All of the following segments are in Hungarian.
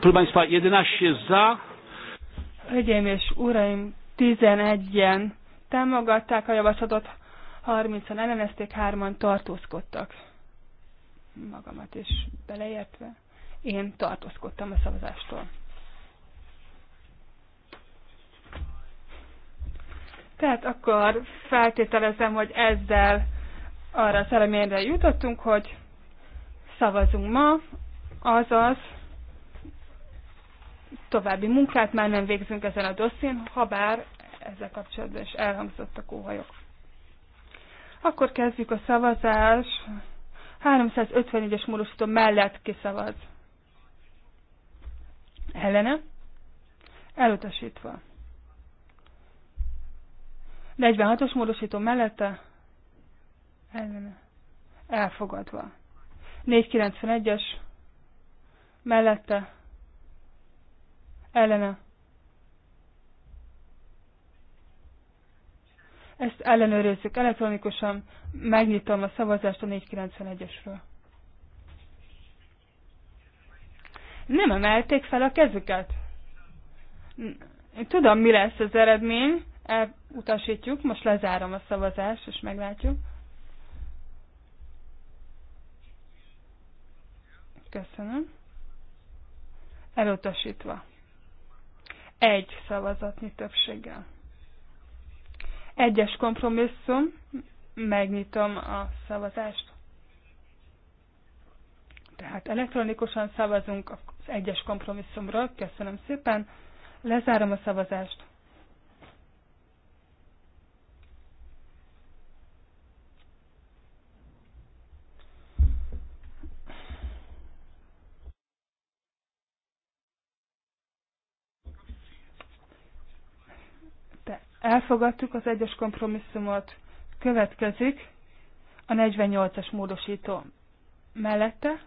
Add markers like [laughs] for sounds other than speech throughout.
Proszę Państwa, 11 za. Hölgyeim és uraim, 11-en támogatták a javaslatot, 30-an ellenezték, 3-an tartózkodtak. Magamat is beleértve. Én tartózkodtam a szavazástól. Tehát akkor feltételezem, hogy ezzel arra az jutottunk, hogy szavazunk ma, azaz további munkát már nem végzünk ezen a dosszén, ha bár ezzel kapcsolatban is elhangzottak óhajok. Akkor kezdjük a szavazás. 351-es módosító mellett kiszavaz. Ellene? Elutasítva. 46-os módosító mellette? Ellene. Elfogadva. 491-es mellette? ellene. Ezt ellenőrizzük elektronikusan, megnyitom a szavazást a 491-esről. Nem emelték fel a kezüket. Én tudom, mi lesz az eredmény, elutasítjuk, most lezárom a szavazást, és meglátjuk. Köszönöm. Elutasítva egy szavazatnyi többséggel. Egyes kompromisszum, megnyitom a szavazást. Tehát elektronikusan szavazunk az egyes kompromisszumról. Köszönöm szépen. Lezárom a szavazást. Elfogadtuk az egyes kompromisszumot. Következik a 48-as módosító. Mellette.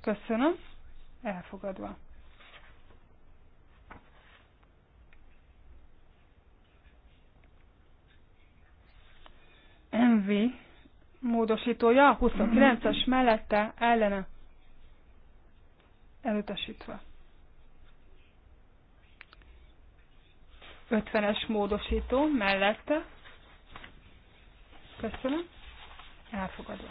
Köszönöm. Elfogadva. MV módosítója, 29 as mellette, ellene, elutasítva. 50-es módosító mellette. Köszönöm. Elfogadva.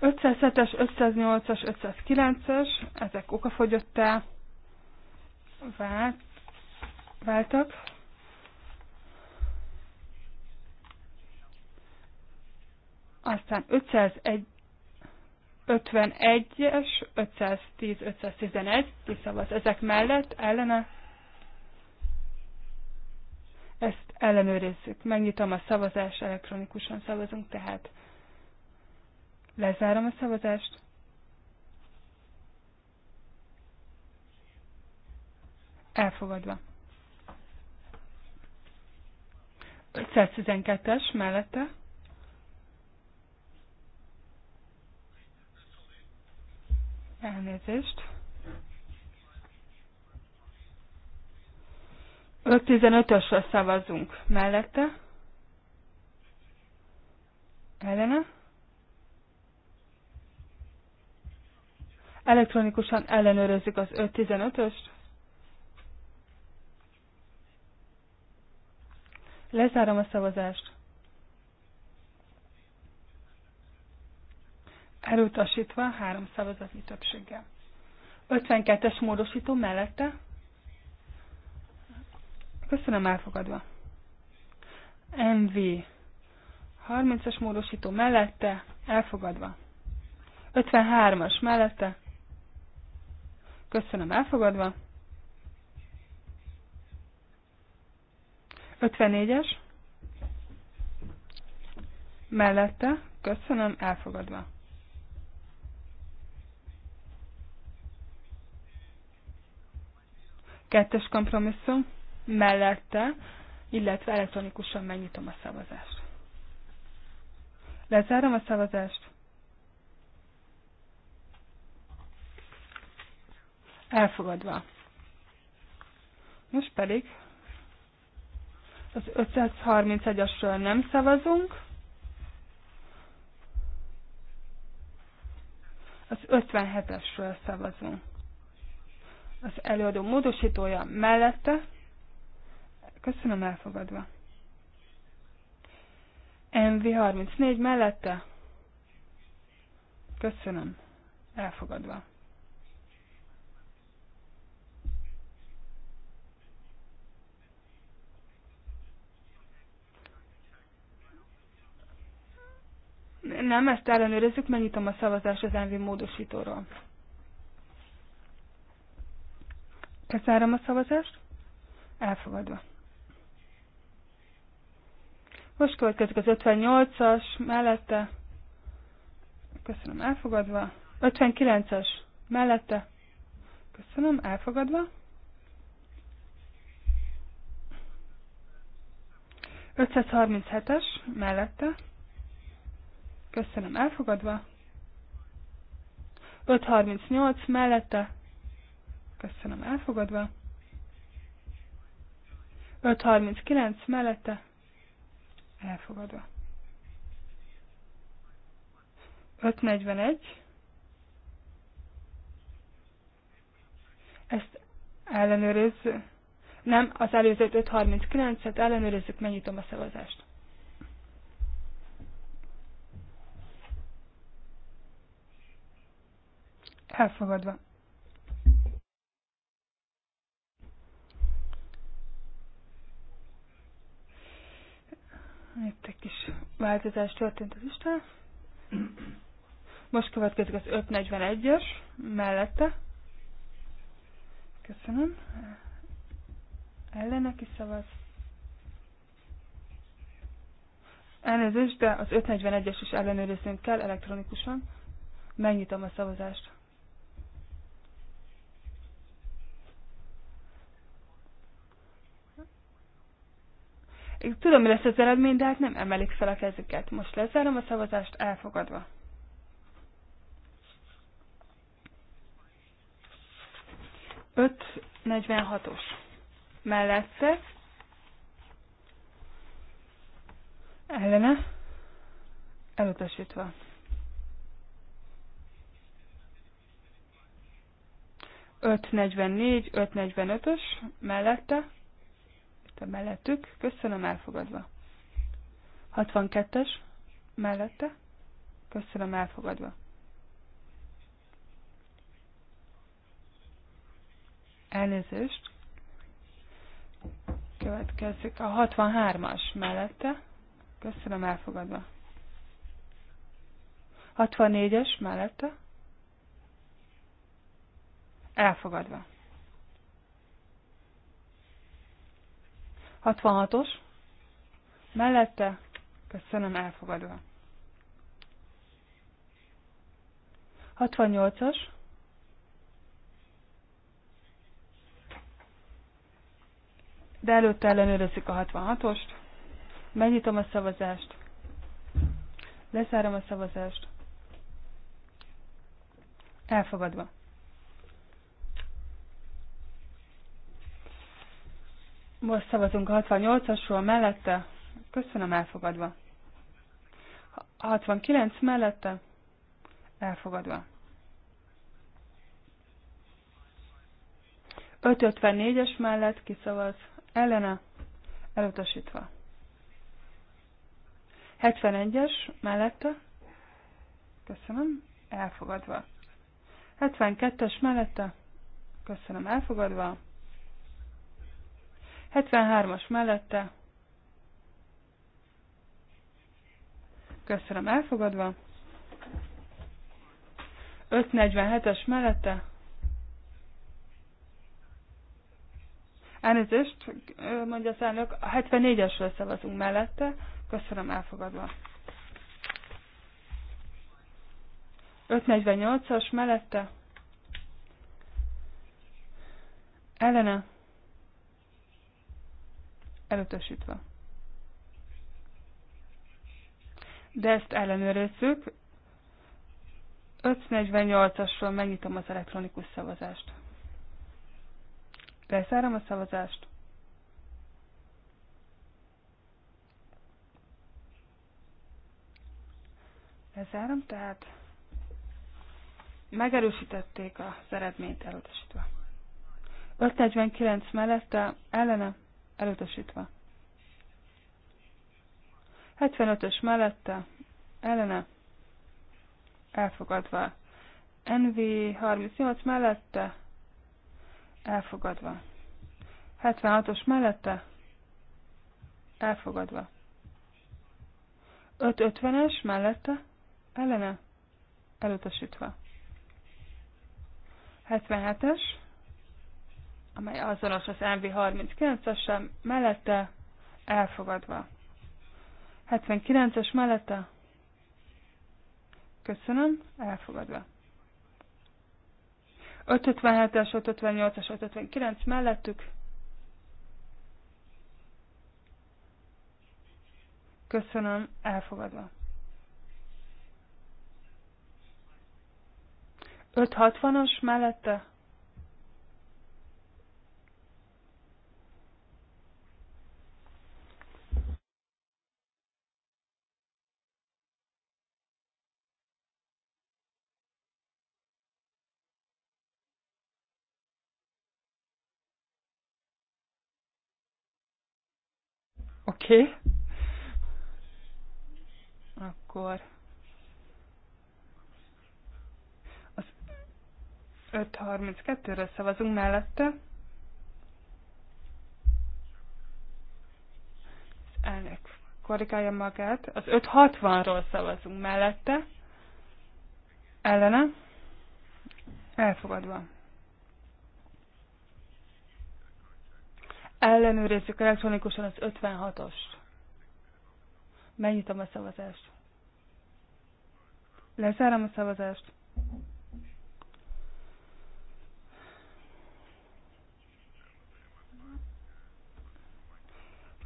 es 508-as, 509-es, ezek okafogyottá vált, váltak. Aztán 501 51-es, 510, 511, kiszavaz ezek mellett, ellene. Ezt ellenőrizzük. Megnyitom a szavazást, elektronikusan szavazunk, tehát lezárom a szavazást. Elfogadva. 512-es mellette Elnézést. 5.15-ösre szavazunk. Mellette? Ellene? Elektronikusan ellenőrözzük az 5.15-öst. Lezárom a szavazást. elutasítva három szavazatnyi többséggel. 52-es módosító mellette. Köszönöm elfogadva. MV. 30-as módosító mellette, elfogadva. 53-as mellette. Köszönöm elfogadva. 54-es. Mellette, köszönöm elfogadva. Kettes kompromisszum mellette, illetve elektronikusan megnyitom a szavazást. Lezárom a szavazást. Elfogadva. Most pedig az 531-asról nem szavazunk. Az 57-esről szavazunk az előadó módosítója mellette. Köszönöm, elfogadva. MV34 mellette. Köszönöm, elfogadva. Nem, ezt ellenőrizzük, megnyitom a szavazást az MV módosítóról. Lezárom a szavazást. Elfogadva. Most következik az 58-as mellette. Köszönöm, elfogadva. 59 as mellette. Köszönöm, elfogadva. 537-es mellette. Köszönöm, elfogadva. 538 mellette köszönöm elfogadva. 5.39 mellette elfogadva. 5.41 ezt ellenőrizzük. Nem, az előzőt 5.39-et ellenőrizzük, megnyitom a szavazást. Elfogadva. Itt egy kis változás történt az Isten. Most következik az 541-es mellette. Köszönöm. Ellene szavaz. Elnézést, de az 541-es is ellenőriznünk kell elektronikusan. Megnyitom a szavazást. Tudom, mi lesz az eredmény, de hát nem emelik fel a kezüket. Most lezárom a szavazást, elfogadva. Öt 46-os. Mellette. Ellene. Elutasítva. 544, 545-ös mellette te mellettük, köszönöm elfogadva. 62-es, mellette, köszönöm elfogadva. Elnézést. Következik a 63-as mellette. Köszönöm elfogadva. 64-es mellette. Elfogadva. 66-os. Mellette. Köszönöm, elfogadva. 68-as. De előtte ellenőrözzük a 66-ost. Megnyitom a szavazást. Leszárom a szavazást. Elfogadva. Most szavazunk a 68-asról mellette. Köszönöm, elfogadva. 69 mellette. Elfogadva. 554-es mellett kiszavaz ellene, elutasítva. 71-es mellette, köszönöm, elfogadva. 72-es mellette, köszönöm, elfogadva. 73-as mellette. Köszönöm, elfogadva. 547-es mellette. Elnézést, mondja az elnök, a 74-esről szavazunk mellette. Köszönöm, elfogadva. 548-as mellette. Ellene elutasítva. De ezt ellenőrizzük. 548-asról megnyitom az elektronikus szavazást. Lezárom a szavazást. Lezárom, tehát megerősítették az eredményt elutasítva. 549 mellette ellene elutasítva. 75-ös mellette, ellene, elfogadva. NV 38 mellette, elfogadva. 76-os mellette, elfogadva. 550-es mellette, ellene, elutasítva. 77-es, amely azonos az MV39-essel, mellette elfogadva. 79-es mellette köszönöm, elfogadva. 557-es, 558-as, 559 mellettük. Köszönöm, elfogadva. 560-as mellette Oké. Okay. Akkor az 5.32-re szavazunk mellette. Az elnök korrigálja magát. Az 560-ról szavazunk mellette. Ellene. Elfogadva. Ellenőrizzük elektronikusan az 56 os Megnyitom a szavazást. Lezárom a szavazást.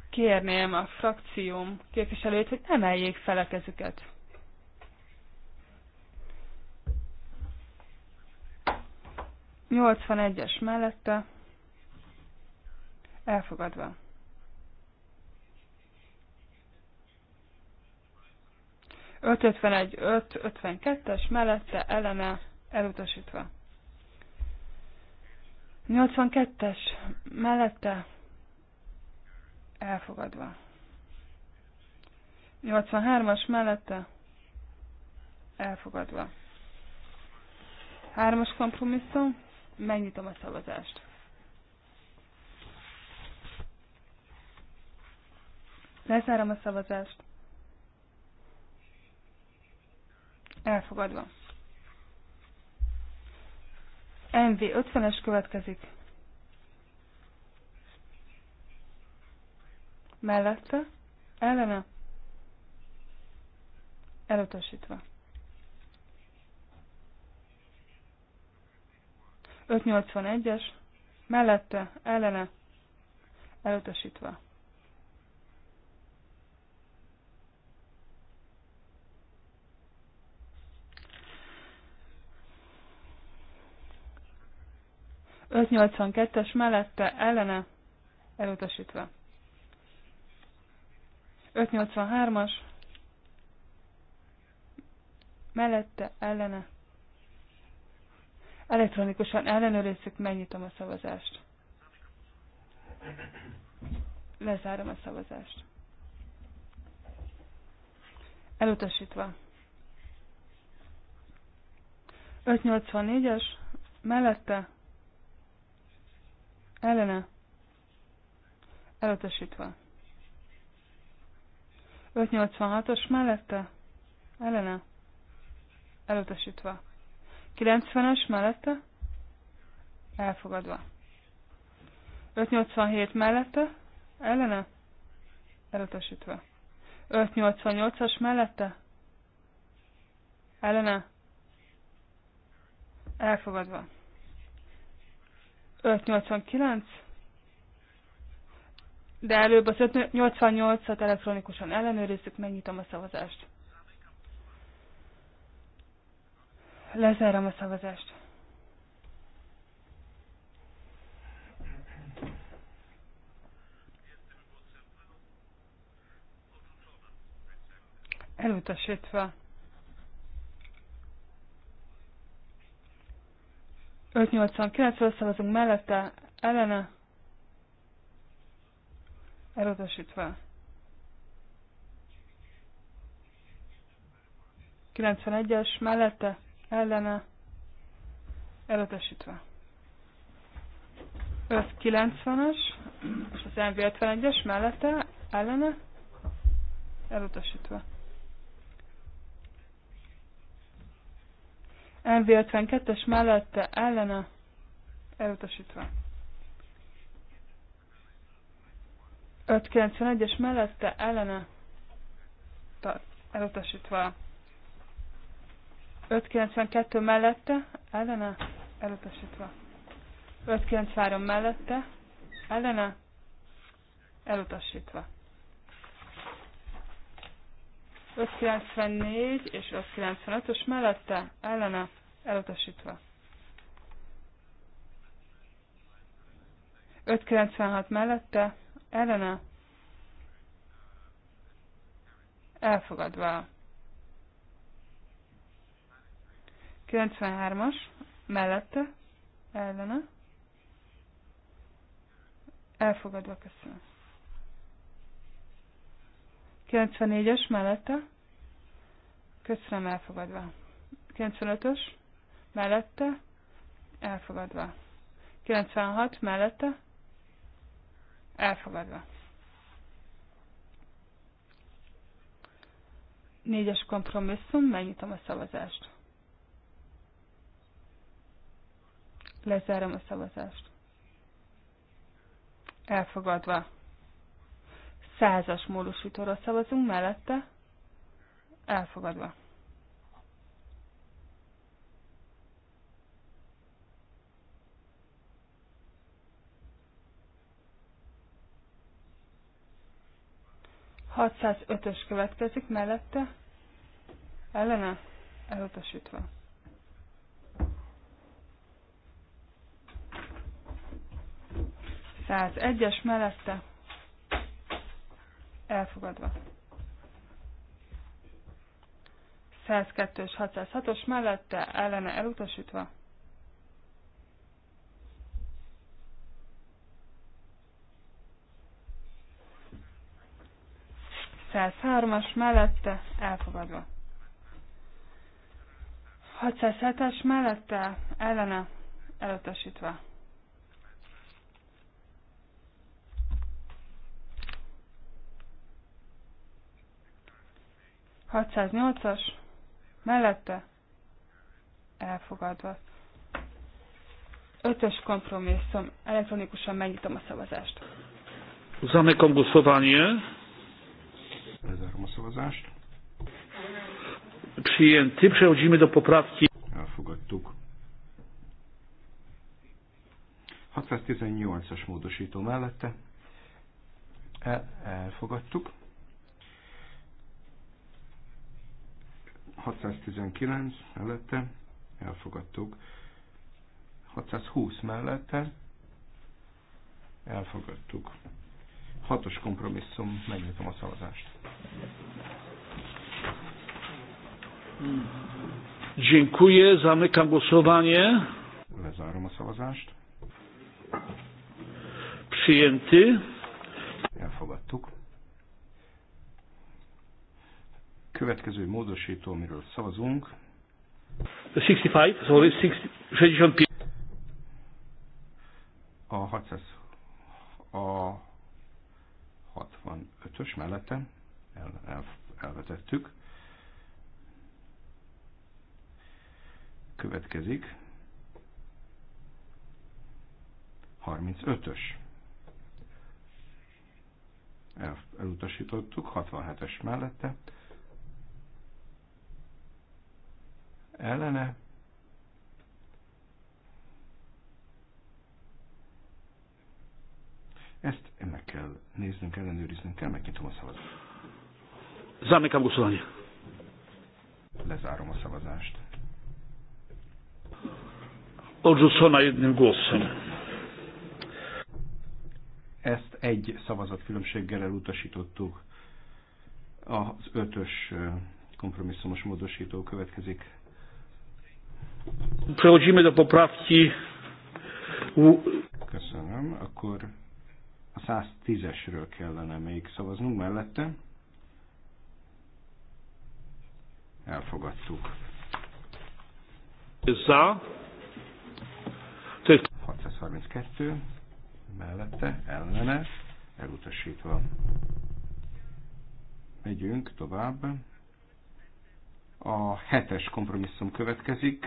Kérném a frakcióm képviselőt, hogy emeljék fel a kezüket. Nyolcvan egyes mellette Elfogadva. Öt ötven egy, kettes, mellette eleme elutasítva. 82-es, mellette elfogadva. 83-as mellette elfogadva. Hármas kompromisszum, megnyitom a szavazást. Lezárom a szavazást. Elfogadva. MV 50-es következik. Mellette, ellene, elutasítva. 581-es, mellette, ellene, elutasítva. 582-es mellette ellene elutasítva. 583-as mellette ellene. Elektronikusan ellenőrizzük, megnyitom a szavazást. Lezárom a szavazást. Elutasítva. 584-es mellette ellene elutasítva. 586-os mellette ellene elutasítva. 90-es mellette elfogadva. 587 mellette ellene elutasítva. 588-as mellette ellene elfogadva. 589, de előbb az 588-at elektronikusan ellenőrizzük, megnyitom a szavazást. Lezárom a szavazást. Elutasítva. 589-ről szavazunk mellette, ellene, elutasítva. 91-es mellette, ellene, elutasítva. 590-es, és az MV51-es mellette, ellene, elutasítva. MV52-es mellette ellene elutasítva. 591-es mellette ellene elutasítva. 592 mellette ellene elutasítva. 593 mellette ellene elutasítva. 594 és 595-ös mellette ellene elutasítva. 596 mellette ellene elfogadva. 93-as mellette ellene elfogadva köszönöm. 94-es mellette. Köszönöm elfogadva. 95-ös mellette. Elfogadva. 96 mellette. Elfogadva. Négyes kompromisszum, megnyitom a szavazást. Lezárom a szavazást. Elfogadva. Százas módosítóra szavazunk mellette. Elfogadva. ös következik mellette. Ellene elutasítva. Száz egyes mellette elfogadva. 102 és 606-os mellette ellene elutasítva. as mellette elfogadva. 607-es mellette ellene elutasítva. 608-as mellette elfogadva. Ötös kompromisszum. Elektronikusan megnyitom a szavazást. Zamykam głosowanie. Lezárom a szavazást. Przyjęty. Przechodzimy do poprawki. Elfogadtuk. 618-as módosító mellette. El, elfogadtuk. 619 mellette elfogadtuk. 620 mellette elfogadtuk. Hatos kompromisszum, megnyitom a szavazást. Dziękuję, zamykam głosowanie. Lezárom a szavazást. Przyjęty. Elfogadtuk. Következő módosító, amiről szavazunk. 65, sorry, 65. A 600, a 65-ös mellette el, el, elvetettük. Következik 35-ös. El, elutasítottuk, 67-es mellette ellene, Ezt ennek kell néznünk, ellenőriznünk kell, megnyitom a szavazást. Zamykam głosowanie. Lezárom a szavazást. Odrzucona jednym głosem. Ezt egy szavazat különbséggel elutasítottuk. Az ötös kompromisszumos módosító következik. Przechodzimy do poprawki. Köszönöm. Akkor a 110-esről kellene még szavaznunk mellette. Elfogadtuk. Za. 632 mellette, ellene, elutasítva. Megyünk tovább. A hetes kompromisszum következik.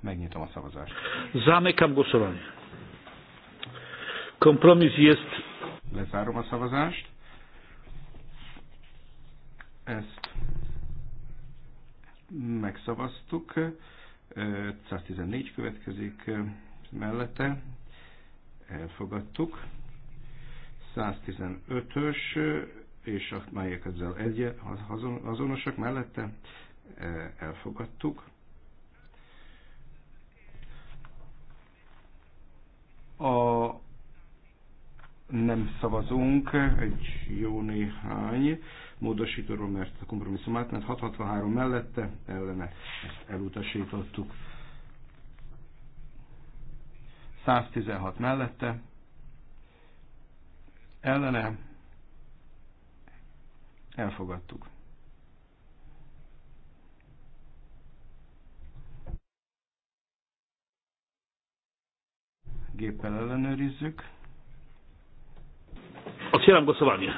Megnyitom a szavazást. Zamykam głosowanie. Kompromisz jest... Lezárom a szavazást. Ezt megszavaztuk. 114 következik mellette. Elfogadtuk. 115-ös és amelyek ezzel egy, azonosak mellette e, elfogadtuk. A nem szavazunk egy jó néhány módosítóról, mert a kompromisszum mert 663 mellette ellene ezt elutasítottuk. 116 mellette ellene Elfogadtuk. Géppel ellenőrizzük. A szélem goszolványa.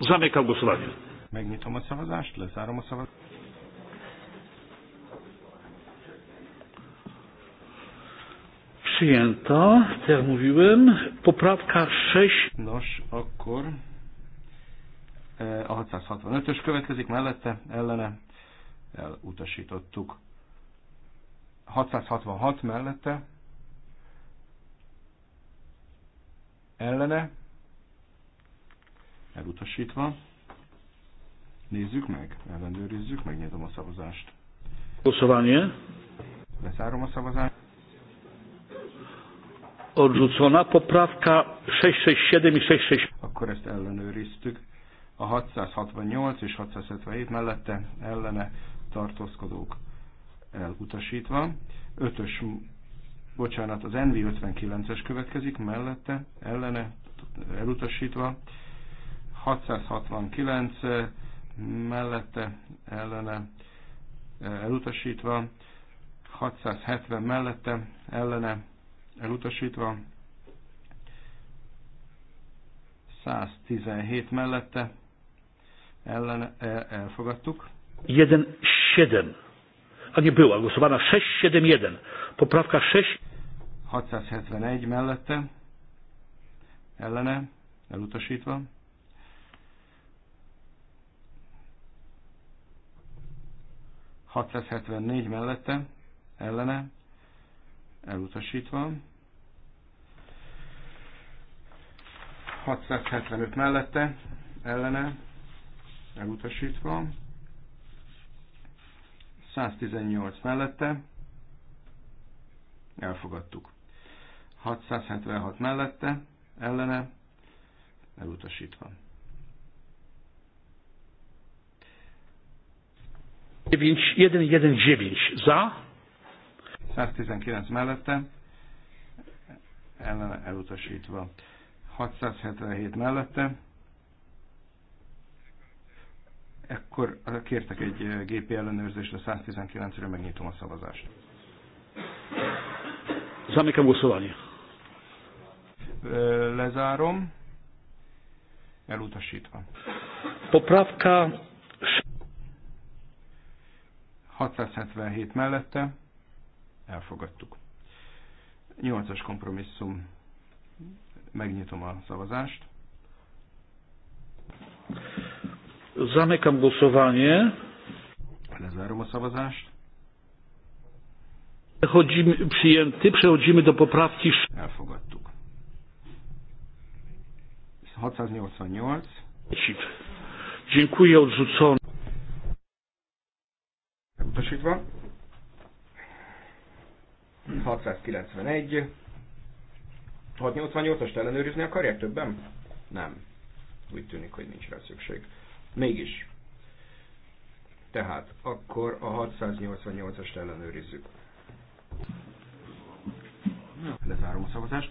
Zamykam goszolványa. Megnyitom a szavazást, lezárom a szavazást. Przyjęta, tak jak mówiłem. Poprawka 6. Nos, akkor a 665-ös következik mellette, ellene elutasítottuk. 666 mellette, ellene, elutasítva. Nézzük meg, ellenőrizzük, megnyitom a szavazást. Głosowanie. Leszárom a szavazást. Odrzucona poprawka 667 i 66. Akkor ezt ellenőriztük a 668 és 677 mellette ellene tartózkodók elutasítva. Ötös, bocsánat, az NV 59-es következik, mellette ellene elutasítva. 669 eh, eh, mellette ellene elutasítva. 670 mellette ellene elutasítva. 117 mellette ellen e, elfogadtuk. 1-7. A nie była głosowana 6-7-1. Poprawka 6. 671 mellette. Ellene. Elutasítva. négy. mellette, ellene, elutasítva. 675 mellette, ellene, elutasítva. 118 mellette elfogadtuk. 676 mellette ellene elutasítva. 119 za. 119 mellette ellene elutasítva. 677 mellette Ekkor eh, kértek egy eh, gépi ellenőrzést a 119 re megnyitom a szavazást. Zamykam głosowanie. Eh, lezárom. Elutasítva. Popravka. 677 mellette elfogadtuk. 8-as kompromisszum. Megnyitom a szavazást. Zamykam głosowanie. Lezerum szavazást. Przechodzimy, przyjęty, przechodzimy do poprawki. Elfogadtuk. 688. Przeciw. Dziękuję, odrzucony. Utasítva. 691. 688-ast ellenőrizni akarják többen? Nem. Úgy tűnik, hogy nincs rá szükség. Mégis. Tehát akkor a 688-ast ellenőrizzük. Lezárom a szavazást.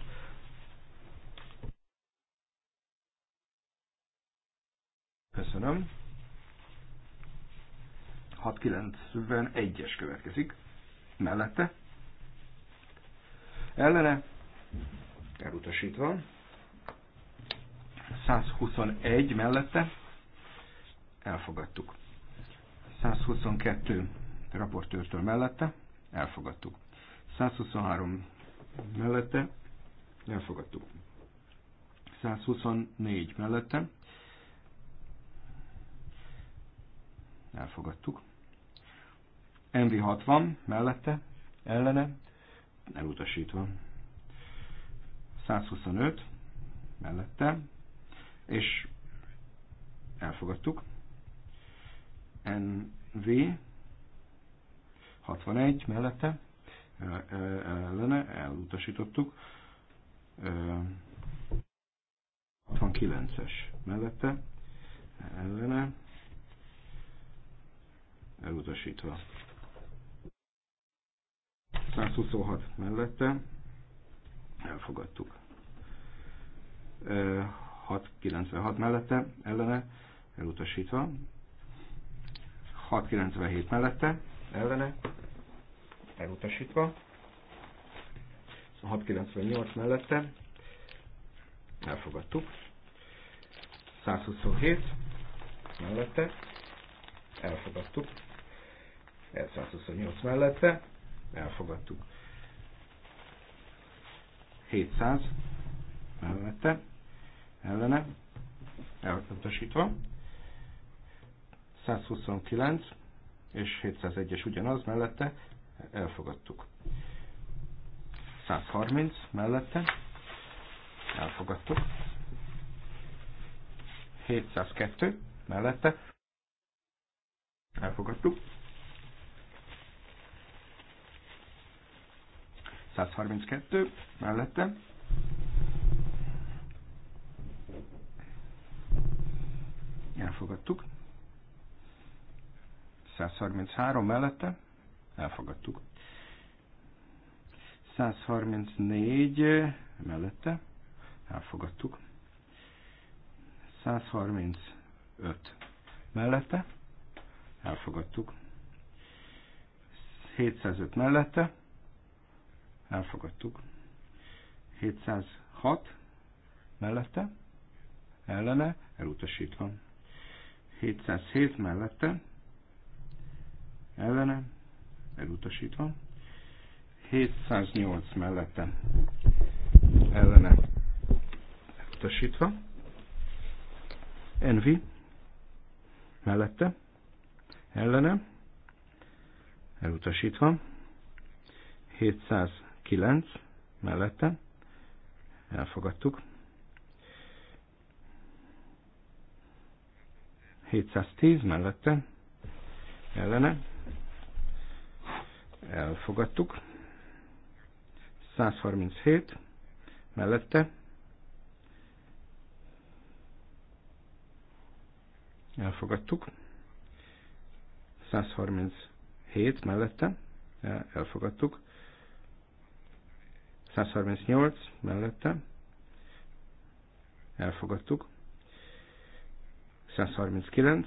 Köszönöm. 691-es következik. Mellette. Ellene. Elutasítva. 121 mellette elfogadtuk. 122 raportőrtől mellette, elfogadtuk. 123 mellette, elfogadtuk. 124 mellette, elfogadtuk. MV60 mellette, ellene, elutasítva. 125 mellette, és elfogadtuk. NV 61 mellette e, e, ellene elutasítottuk. 69-es e, mellette ellene elutasítva. 126 mellette elfogadtuk. 696 mellette ellene elutasítva. 697 mellette, ellene, elutasítva. 698 mellette, elfogadtuk. 127 mellette, elfogadtuk. 128 mellette, elfogadtuk. 700 mellette, ellene, elutasítva. 129 és 701-es ugyanaz mellette, elfogadtuk. 130 mellette, elfogadtuk. 702 mellette, elfogadtuk. 132 mellette, elfogadtuk. 133 mellette elfogadtuk. 134 mellette elfogadtuk. 135 mellette elfogadtuk. 705 mellette elfogadtuk. 706 mellette ellene elutasítva. 707 mellette ellene, elutasítva. 708 mellette ellene elutasítva. Envi mellette ellene elutasítva. 709 mellette elfogadtuk. 710 mellette ellene elfogadtuk. 137 mellette elfogadtuk. 137 mellette elfogadtuk. 138 mellette elfogadtuk. 139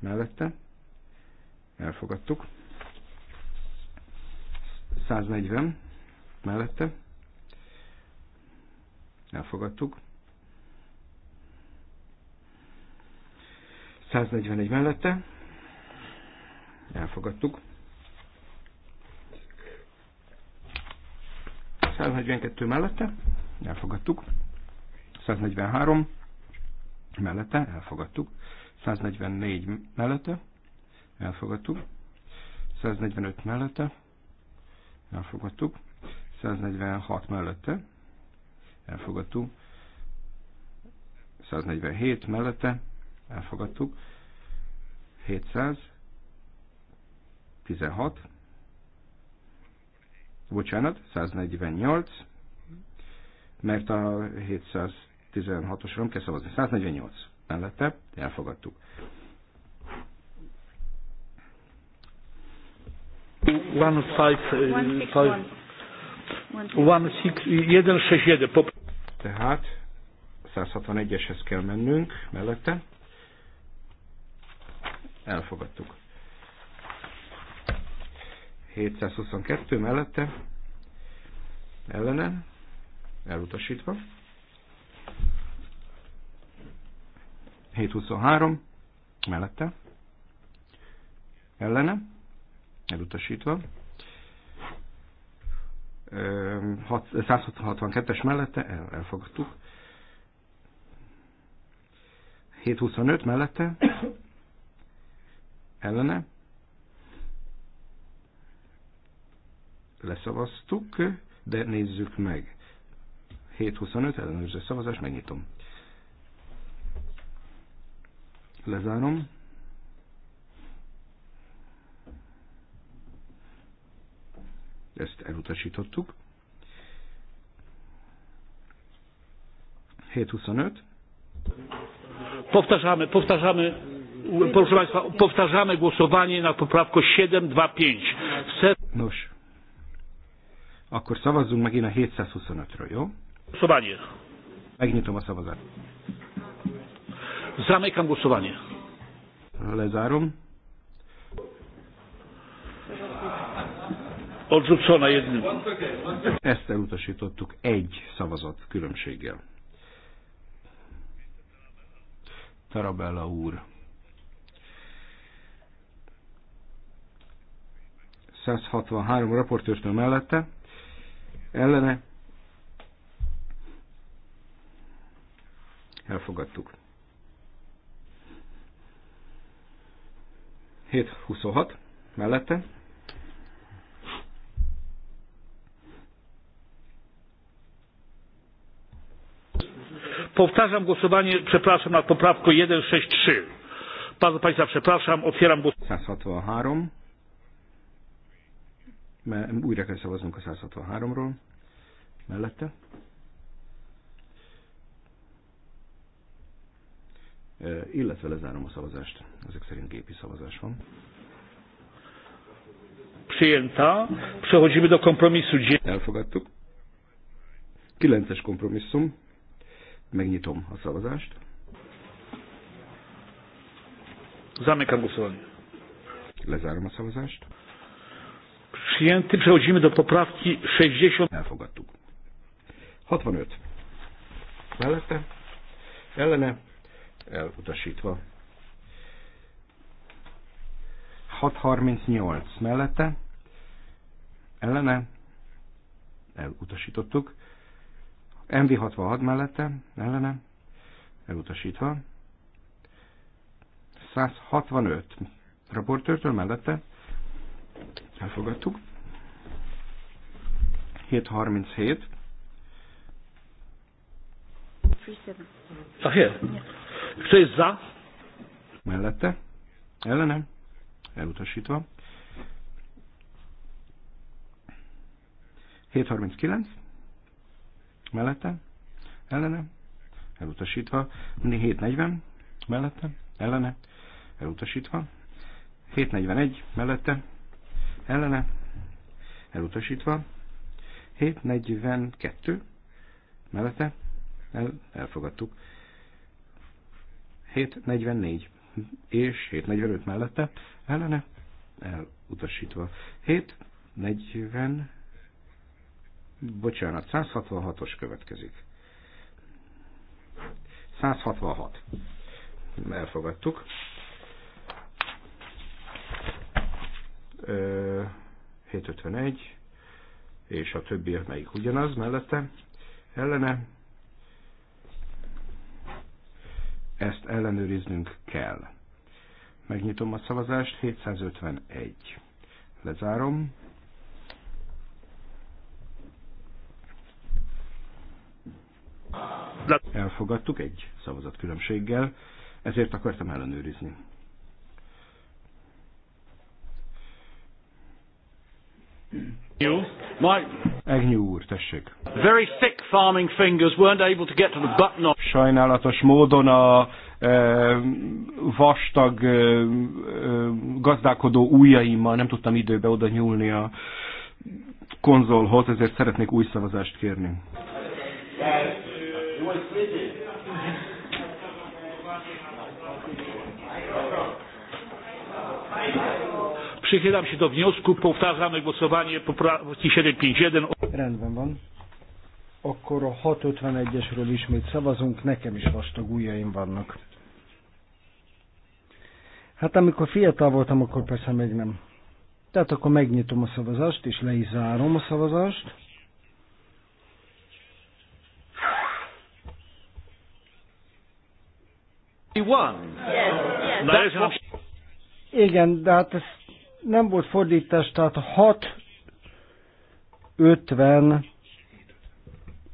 mellette elfogadtuk. 140 mellette. Elfogadtuk. 141 mellette. Elfogadtuk. 142 mellette. Elfogadtuk. 143 mellette. Elfogadtuk. 144 mellette. Elfogadtuk. 145 mellette elfogadtuk. 146 mellette, elfogadtuk. 147 mellette, elfogadtuk. 716, bocsánat, 148, mert a 716-osra nem kell szavazni. 148 mellette elfogadtuk. Tehát 161-eshez kell mennünk mellette. Elfogadtuk. 722 mellette. Ellenen. Elutasítva. 723 mellette. ellenem elutasítva. 162-es mellette el, elfogadtuk. 725 mellette ellene leszavaztuk, de nézzük meg. 725 ellenőrző szavazás, megnyitom. Lezárom. ezt elutasítottuk. 725. Powtarzamy, powtarzamy, proszę Państwa, powtarzamy głosowanie na poprawkę 725. Nos, akkor szavazzunk megint a 725-ről, jó? Głosowanie. Megnyitom a szavazást. Zamykam głosowanie. Lezárom. Odrzucona jednym. Ezt elutasítottuk egy szavazat különbséggel. Tarabella úr. 163 raportőrtől mellette, ellene elfogadtuk. 726 mellette, Powtarzam głosowanie, przepraszam, nad poprawką 163. Bardzo Państwa przepraszam, otwieram głosowanie. 163. újra kell szavaznunk a 163-ról. Mellette. illetve lezárom a szavazást. Ezek szerint gépi szavazás van. Przyjęta. Przechodzimy do kompromisu. Elfogadtuk. Kilences kompromisszum. Megnyitom a szavazást. Zamykam głosowanie. Lezárom a szavazást. Przyjęty. Przechodzimy do poprawki 60. Elfogadtuk. 65. Mellette. Ellene. Elutasítva. 638 mellette, ellene, elutasítottuk, MV66 mellette, ellene, elutasítva. 165 raportőrtől mellette, elfogadtuk. 737. Ahir. Kto jest Mellette. Ellene. Elutasítva. 739 mellette, ellene, elutasítva, 740 mellette, ellene, elutasítva, 741 mellette, ellene, elutasítva, 742 mellette, el, elfogadtuk, 744 és 745 mellette, ellene, elutasítva, 745 Bocsánat, 166-os következik. 166. Elfogadtuk. Ö, 751 és a többi, melyik ugyanaz mellette, ellene. Ezt ellenőriznünk kell. Megnyitom a szavazást, 751. Lezárom. Elfogadtuk egy szavazat különbséggel, ezért akartam ellenőrizni. Egnyú. My... Egnyú úr, tessék. Very thick farming fingers weren't able to get to the button of... Sajnálatos módon a e, vastag e, e gazdálkodó ujjaimmal nem tudtam időbe oda nyúlni a konzolhoz, ezért szeretnék új szavazást kérni. Yes poi crede. Przychylam się do wniosku, powtarzamy głosowanie poprawki 751. Rendben van. Akkor a 651-esről ismét szavazunk, nekem is vastag ujjaim vannak. Hát amikor fiatal voltam, akkor persze még nem. Tehát akkor megnyitom a szavazást, és le is zárom a szavazást. Igen, de hát ez nem volt fordítás, tehát 6 50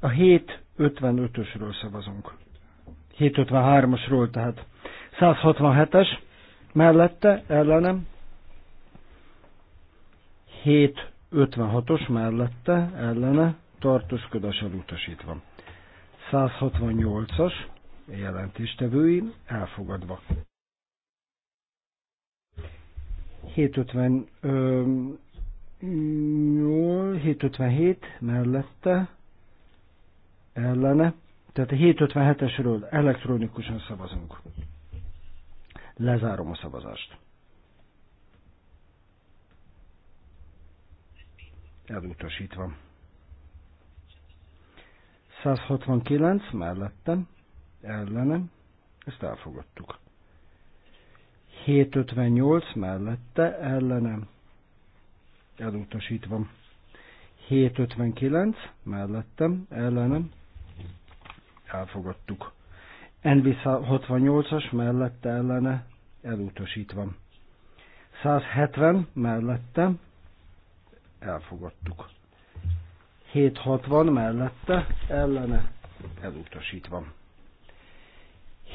a 7 55 ösről szavazunk. 753 osról tehát 167-es mellette, ellenem, 756-os mellette, ellene, tartózkodással utasítva. 168-as jelentéstevői, elfogadva. 750 757 mellette ellene, tehát a 757-esről elektronikusan szavazunk. Lezárom a szavazást. Elutasítva. 169 mellettem ellenem, ezt elfogadtuk. 758 mellette ellenem, elutasítva. 759 mellettem, ellenem, elfogadtuk. Envi 68-as mellette ellene, elutasítva. 170 mellette, elfogadtuk. 760 mellette, ellene, elutasítva.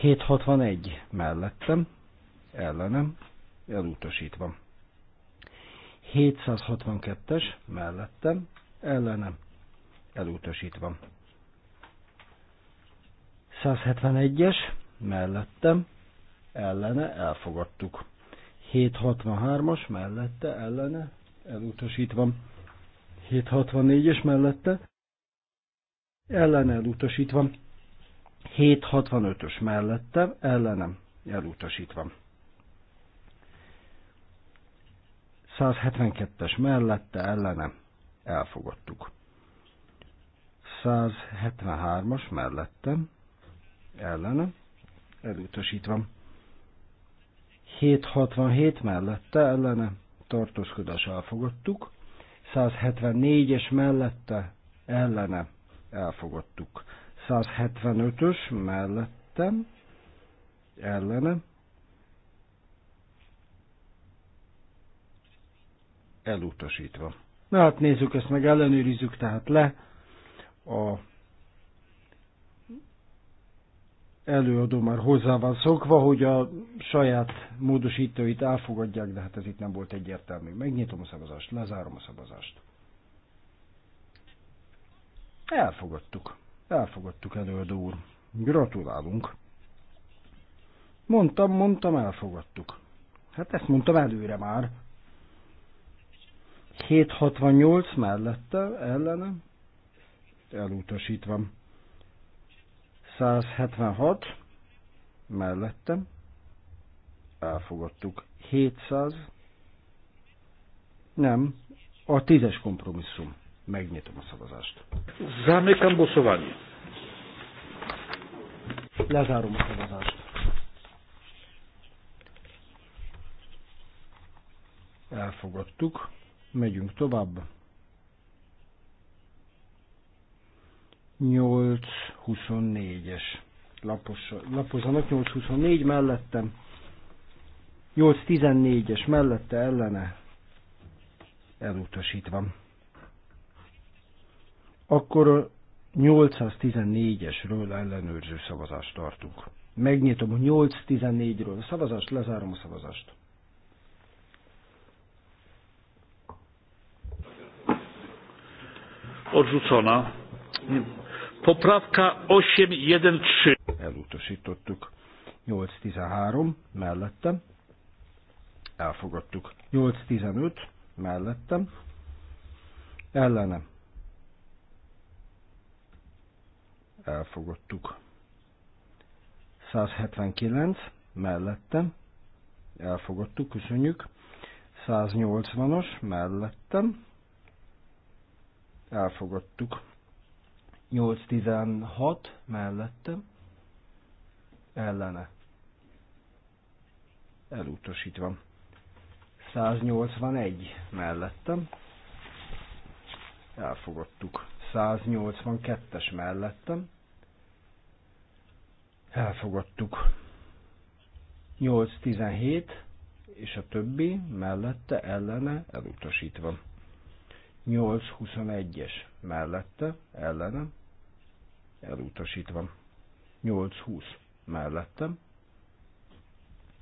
761 mellettem, ellenem, elutasítva. 762-es mellettem, ellenem, elutasítva. 171-es mellettem, ellene, elfogadtuk. 763-as mellette, ellene, elutasítva. 764-es mellette, ellene elutasítva. 765-ös mellette ellenem elutasítva. 172-es mellette ellene elfogadtuk. 173-as mellette ellene elutasítva. 767 mellette ellene tartózkodás elfogadtuk. 174-es mellette ellene elfogadtuk. 175-ös mellettem, ellene, elutasítva. Na hát nézzük ezt meg, ellenőrizzük tehát le a előadó már hozzá van szokva, hogy a saját módosítóit elfogadják, de hát ez itt nem volt egyértelmű. Megnyitom a szavazást, lezárom a szavazást. Elfogadtuk. Elfogadtuk, előadó úr. Gratulálunk. Mondtam, mondtam, elfogadtuk. Hát ezt mondtam előre már. 768 mellette, ellenem. Elutasítva. 176 mellettem. Elfogadtuk. 700. Nem. A tízes kompromisszum. Megnyitom a szavazást. Zamykam głosowanie. Lezárom a szavazást. Elfogadtuk. Megyünk tovább. 8 24 es lapozanak lapozzanak 824 mellettem. 814-es mellette ellene elutasítva akkor a 814-esről ellenőrző szavazást tartunk. Megnyitom a 814-ről szavazást, lezárom a szavazást. Odrzucona. Poprawka 813. Elutasítottuk. 813 mellettem. Elfogadtuk. 815 mellettem. Ellenem elfogadtuk. 179 mellettem, elfogadtuk, köszönjük. 180-as mellettem, elfogadtuk. 816 mellettem, ellene, elutasítva. 181 mellettem, elfogadtuk. 182-es mellettem, Elfogadtuk. 8.17 és a többi mellette ellene elutasítva. 821 es mellette ellene elutasítva. 8.20 mellette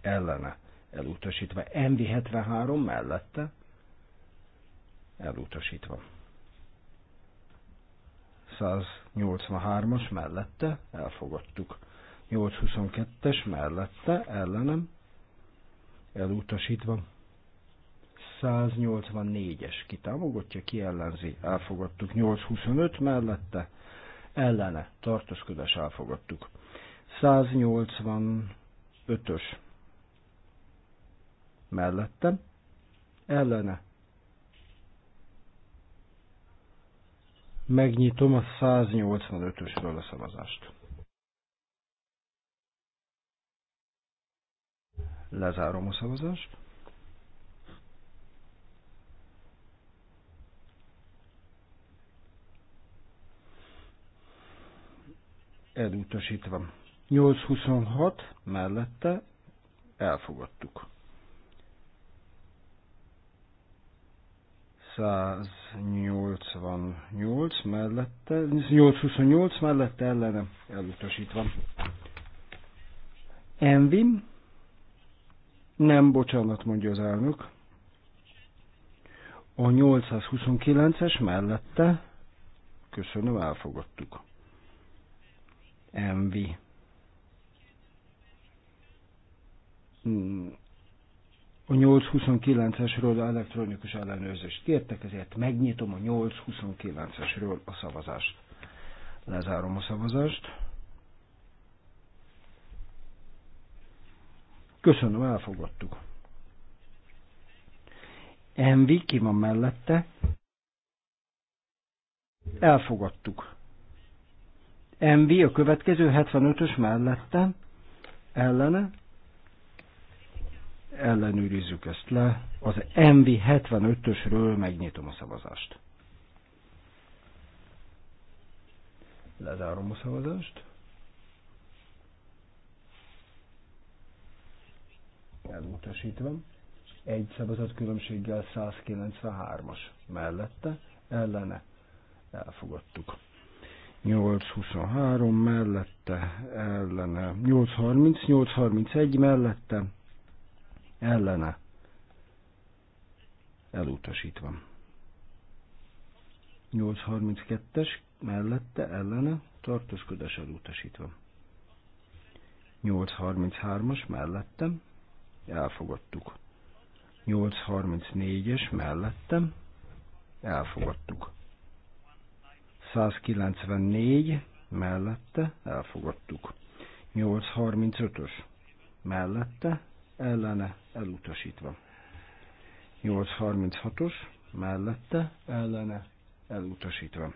ellene elutasítva. MV73 mellette elutasítva. 183-as mellette elfogadtuk. 822-es mellette, ellenem, elutasítva. 184-es kitámogatja, ki ellenzi, elfogadtuk. 825 mellette, ellene, tartózkodás elfogadtuk. 185-ös mellette, ellene. Megnyitom a 185-ösről a szavazást. Lezárom a szavazást. Elutasítva. 826 mellette elfogadtuk. 188 mellette, 828 mellette ellene elutasítva. Envin nem, bocsánat, mondja az elnök. A 829-es mellette, köszönöm, elfogadtuk. Envi. Hmm. A 829-esről elektronikus ellenőrzést kértek, ezért megnyitom a 829-esről a szavazást. Lezárom a szavazást. Köszönöm, elfogadtuk. Envi, ki van mellette? Elfogadtuk. Envi a következő 75-ös mellette, ellene, ellenőrizzük ezt le, az Envi 75-ösről megnyitom a szavazást. Lezárom a szavazást. elutasítva, egy szavazat különbséggel 193-as mellette, ellene elfogadtuk. 823 mellette, ellene, 830, 831 mellette, ellene, elutasítva. 832-es mellette, ellene, tartózkodás elutasítva. 833-as mellettem, elfogadtuk. 834-es mellettem, elfogadtuk. 194 mellette, elfogadtuk. 835-ös mellette, ellene, elutasítva. 836-os mellette, ellene, elutasítva.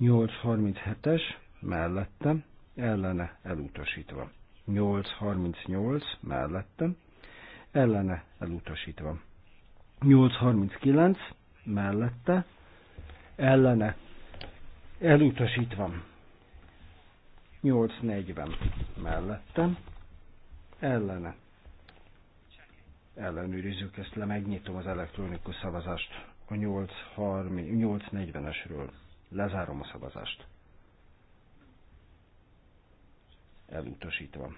837-es mellette, ellene, elutasítva. 838 mellettem, ellene elutasítva. 839 mellette, ellene elutasítva. 840 mellettem, ellene. Ellenőrizzük ezt le, megnyitom az elektronikus szavazást a 840-esről. Lezárom a szavazást. elutasítva.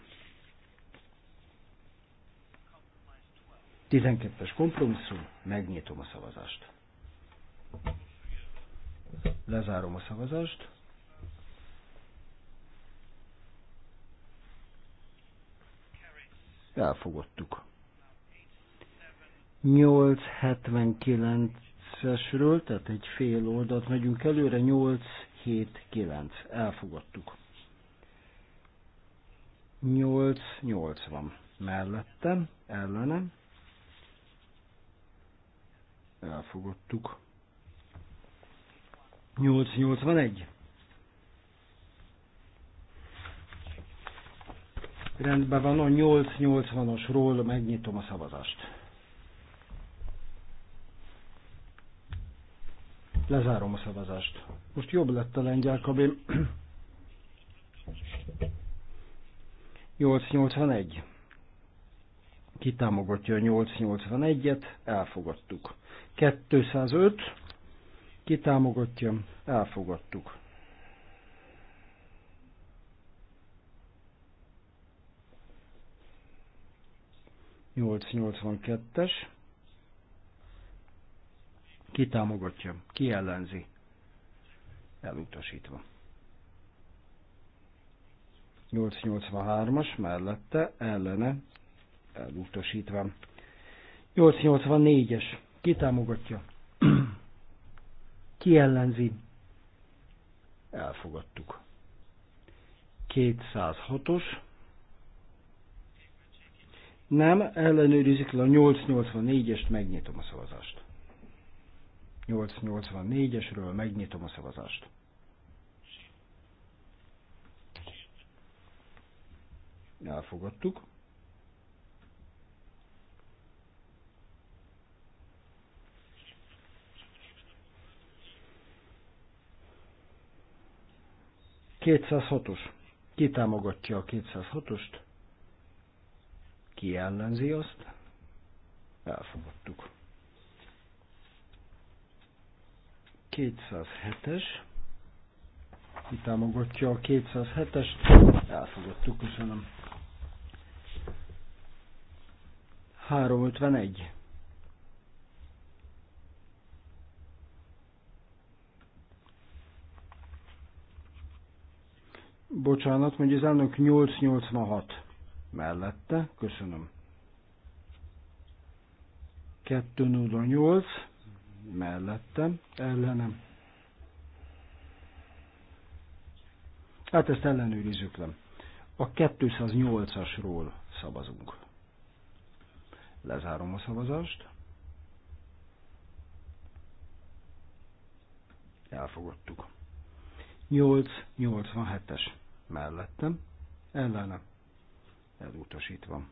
12-es kompromisszum, megnyitom a szavazást. Lezárom a szavazást. Elfogadtuk. 879-esről, tehát egy fél oldalt megyünk előre, 879, elfogadtuk. 8-8 van mellettem, ellenem. Elfogadtuk. 8 881. Rendben van, a 8-80-asról megnyitom a szavazást. Lezárom a szavazást. Most jobb lett a lengyel kabin. 881. Ki támogatja a 881-et? Elfogadtuk. 205. Ki támogatja? Elfogadtuk. 882. es Ki támogatja? Ki ellenzi? Elutasítva. 883-as mellette ellene elutasítva. 884-es támogatja? ki ellenzi, elfogadtuk. 206-os, nem, ellenőrizik le a 884-est, megnyitom a szavazást. 884-esről megnyitom a szavazást. elfogadtuk. Kétszázhatos. Ki támogatja a 206-ost? Ki ellenzi azt? Elfogadtuk. 207-es. Ki támogatja a 207-est? Elfogadtuk, köszönöm. 351. Bocsánat, mondja az elnök 886 mellette. Köszönöm. 208 mellette, ellenem. Hát ezt ellenőrizzük le. A 208-asról szavazunk. Lezárom a szavazást. Elfogadtuk. 887-es mellettem, ellene, elutasítva.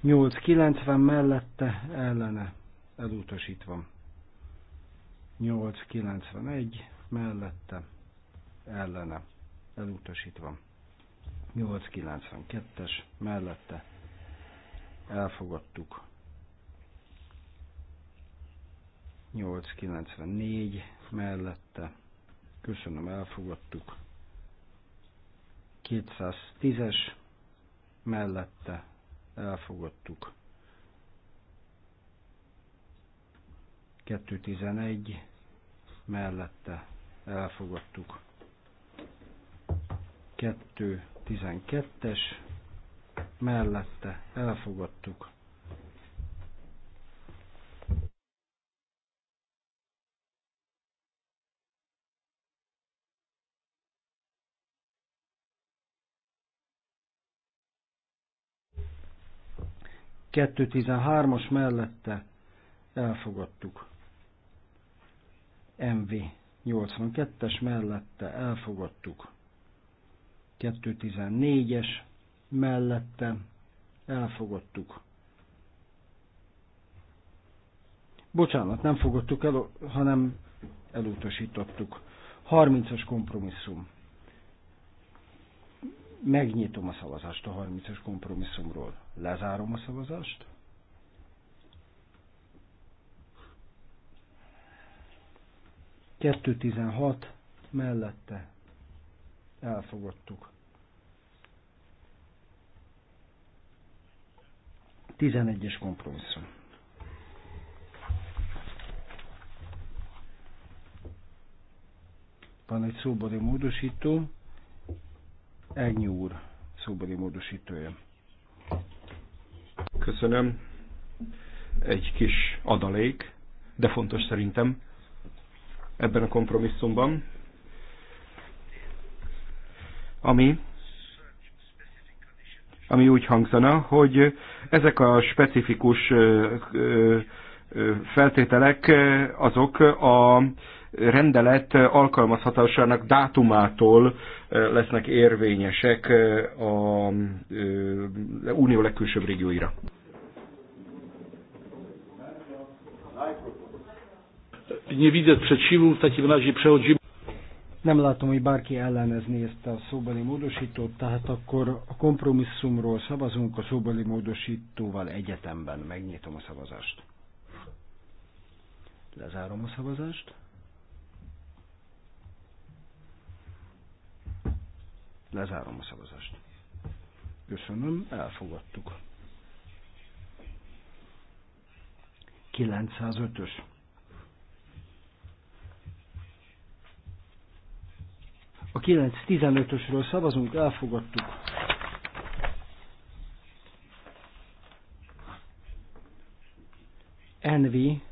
Nyolc kilencven mellette ellene elutasítva. Nyolc kilencvenegy mellette ellene elutasítva. 892-es mellette elfogadtuk. 894 mellette köszönöm, elfogadtuk. 210-es mellette elfogadtuk. 211 mellette elfogadtuk. 2.12-es mellette elfogadtuk. Kettő tizenhármas mellette elfogadtuk. MV 82-es mellette elfogadtuk. 214-es mellette elfogadtuk. Bocsánat, nem fogadtuk el, hanem elutasítottuk. 30-as kompromisszum. Megnyitom a szavazást a 30-as kompromisszumról. Lezárom a szavazást. Kettő tizenhat mellette elfogadtuk. 11-es kompromisszum. Van egy szóbeli módosító, Egnyi úr szóbeli módosítója. Köszönöm. Egy kis adalék, de fontos szerintem ebben a kompromisszumban, ami ami úgy hangzana, hogy ezek a specifikus feltételek azok a rendelet alkalmazhatásának dátumától lesznek érvényesek a unió legkülsőbb régióira. Nie widzę sprzeciwu, w takim razie przechodzimy. Nem látom, hogy bárki ellenezni ezt a szóbeli módosítót, tehát akkor a kompromisszumról szavazunk a szóbeli módosítóval egyetemben. Megnyitom a szavazást. Lezárom a szavazást. Lezárom a szavazást. Köszönöm, elfogadtuk. 905-ös A 9.15-ösről szavazunk, elfogadtuk. Envi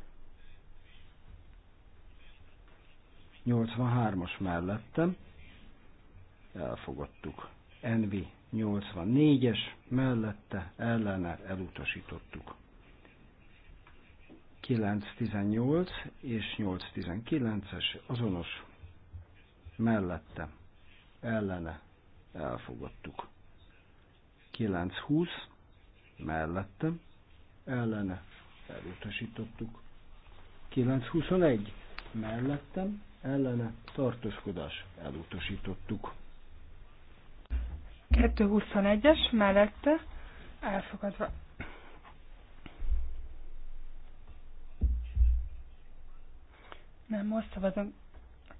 83-as mellettem, elfogadtuk. Envi 84-es mellette, ellene elutasítottuk. 918 és 819-es azonos mellette, ellene, elfogadtuk. 9.20 mellette, ellene, elutasítottuk. 9.21 mellettem, ellene, tartózkodás, elutasítottuk. 221-es, mellette, elfogadva.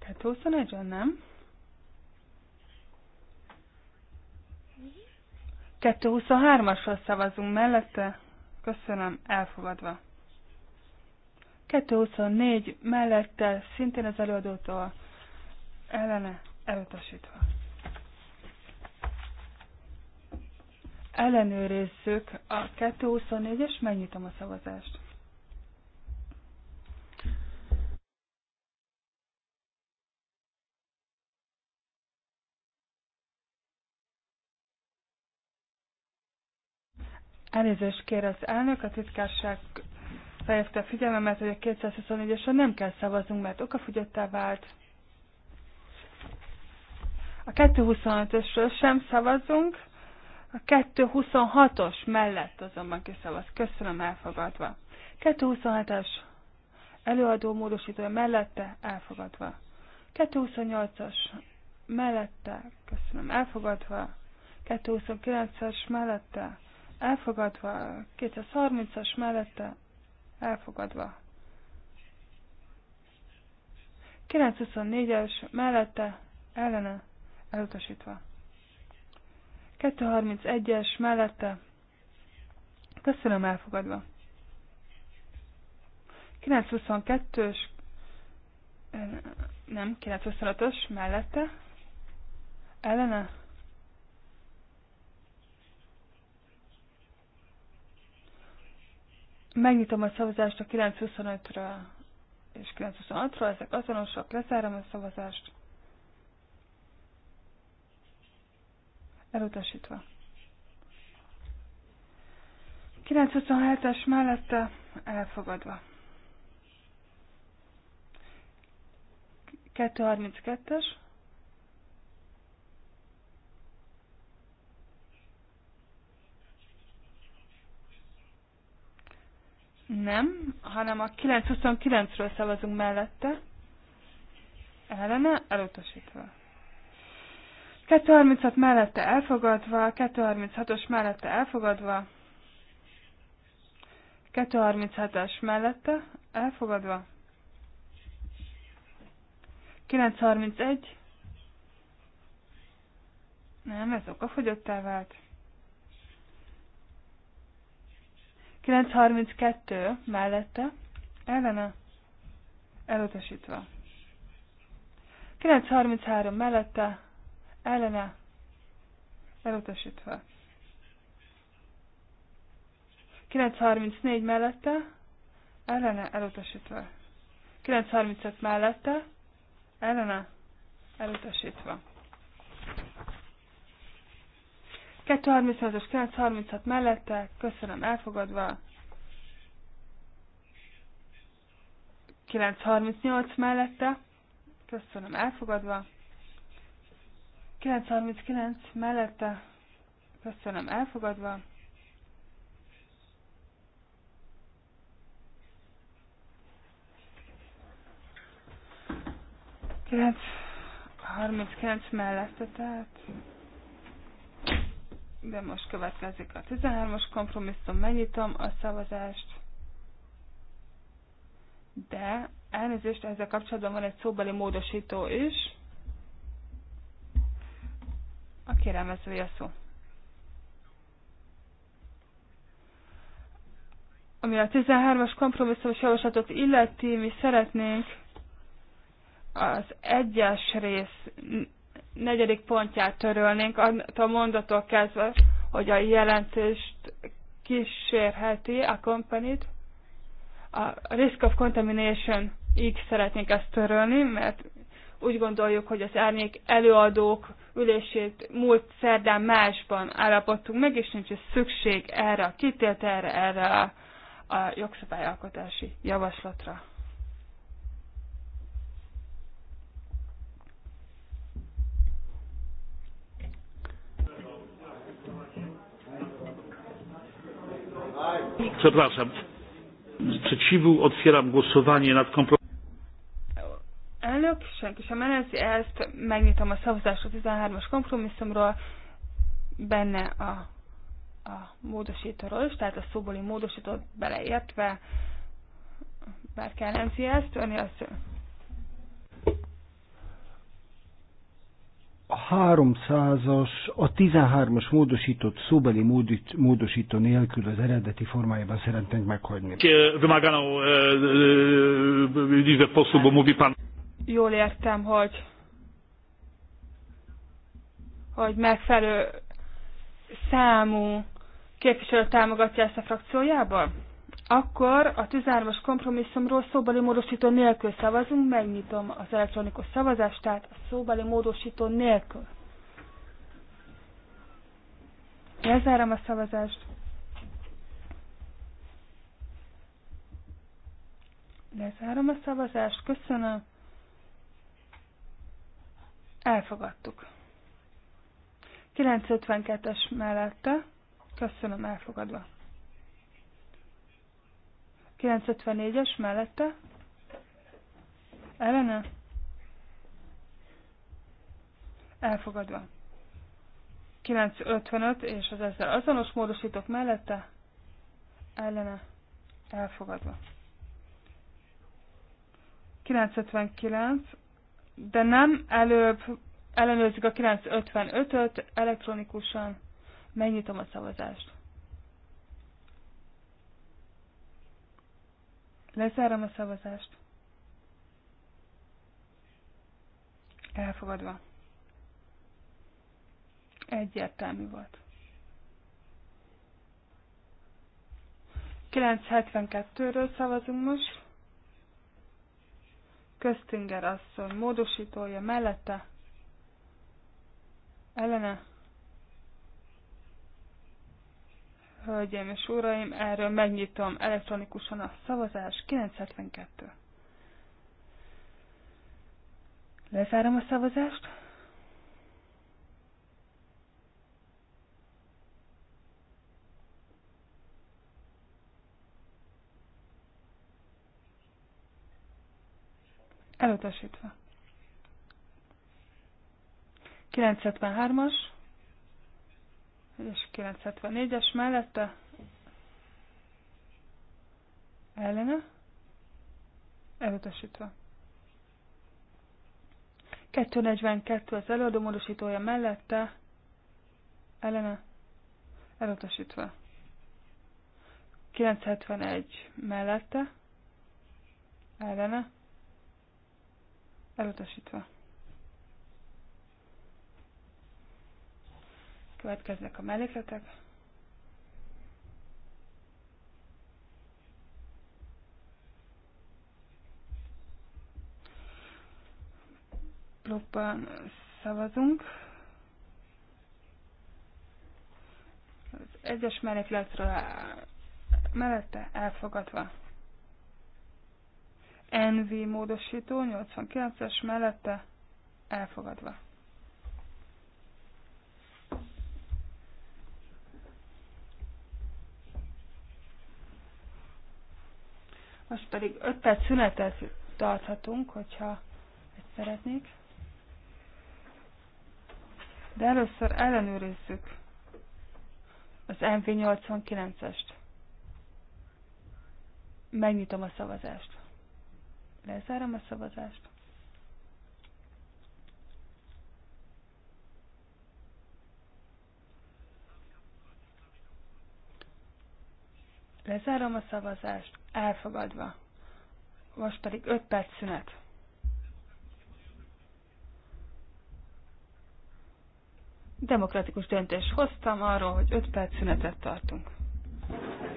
Tehát 21 nagyon, nem. 223-asra szavazunk mellette. Köszönöm, elfogadva. 224 mellette, szintén az előadótól ellene elutasítva. Ellenőrizzük a 224-es, megnyitom a szavazást. Elnézést kér az elnök, a titkárság fejezte a figyelmemet, hogy a 224-esre nem kell szavaznunk, mert okafogyottá vált. A 225-ösről sem szavazunk, a 226-os mellett azonban kiszavaz. Köszönöm, elfogadva. 227-es előadó módosítója mellette, elfogadva. 228-as mellette, köszönöm, elfogadva. 229-es mellette, elfogadva, 230-as mellette elfogadva. 924-es mellette ellene elutasítva. 231-es mellette köszönöm elfogadva. 922-ös eh, nem, 925-ös mellette ellene Megnyitom a szavazást a 925-ről és 926-ról, ezek azonosak, lezárom a szavazást. Elutasítva. 927-es mellette elfogadva. 232-es Nem, hanem a 929-ről szavazunk mellette. Ellene elutasítva. 236 mellette elfogadva, 236-os mellette elfogadva, 237-es mellette elfogadva, 931, nem, ez okafogyottá vált, 932 mellette ellene elutasítva. 933 mellette ellene elutasítva. 934 mellette ellene elutasítva. 935 mellette ellene elutasítva. 236-os, 936 mellette, köszönöm, elfogadva. 938 mellette, köszönöm, elfogadva. 939 mellette, köszönöm, elfogadva. 939 mellette, tehát de most következik a 13-as kompromisszum, megnyitom a szavazást, de elnézést, ezzel kapcsolatban van egy szóbeli módosító is, a a szó. Ami a 13-as kompromisszumos javaslatot illeti, mi szeretnénk az egyes rész negyedik pontját törölnénk, a mondatok kezdve, hogy a jelentést kísérheti a kompanit. A risk of contamination így szeretnénk ezt törölni, mert úgy gondoljuk, hogy az árnyék előadók ülését múlt szerdán másban állapodtunk meg, és nincs szükség erre a erre erre a, a jogszabályalkotási javaslatra. Przepraszam. Sprzeciwu otwieram głosowanie nad kompromisem. Elnök, senki sem ellenzi ezt, megnyitom a szavazást a 13-as kompromisszumról, benne a, a módosítóról is, tehát a szóbeli módosítót beleértve, bárki ellenzi ezt, öni az a 300-as, a 13-as módosított szóbeli módít, módosító nélkül az eredeti formájában szeretnénk meghagyni. E, e, pan... Jól értem, hogy, hogy megfelelő számú képviselő támogatja ezt a frakciójában? Akkor a 13-as kompromisszumról szóbeli módosító nélkül szavazunk, megnyitom az elektronikus szavazást, tehát a szóbeli módosító nélkül. Lezárom a szavazást. Lezárom a szavazást, köszönöm. Elfogadtuk. 952-es mellette, köszönöm, elfogadva. 954-es mellette. Ellene. Elfogadva. 955 és az ezzel azonos módosítók mellette. Ellene. Elfogadva. 959, de nem előbb ellenőrzik a 955-öt elektronikusan. Megnyitom a szavazást. Lezárom a szavazást. Elfogadva. Egyértelmű volt. 972-ről szavazunk most. Köztinger asszony módosítója mellette. Ellene Hölgyeim és uraim, erről megnyitom elektronikusan a szavazás 972. Lezárom a szavazást. Elutasítva. 973-as és 974-es mellette ellene elutasítva. 242 az előadó módosítója mellette ellene elutasítva. 971 mellette ellene elutasítva. Következnek a mellékletek. Blokkban szavazunk. Az egyes mellékletről mellette elfogadva. NV módosító 89-es mellette elfogadva. Most pedig 5 perc szünetet tarthatunk, hogyha ezt szeretnék. De először ellenőrizzük az MV89-est. Megnyitom a szavazást. Lezárom a szavazást. Lezárom a szavazást, elfogadva. Most pedig 5 perc szünet. Demokratikus döntést hoztam arról, hogy 5 perc szünetet tartunk. Thank you.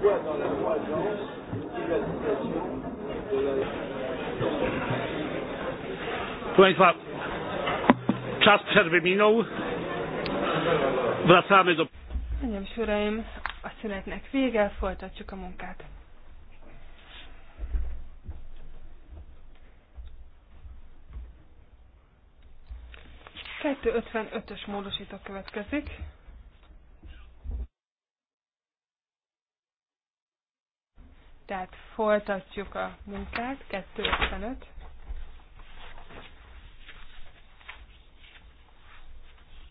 Proszę Państwa, czas przerwy minął. Wracamy do. Panie és Uraim, a szünetnek vége, folytatjuk a munkát. Kettő ötven ötös módosító következik. Tehát folytatjuk a munkát, 255.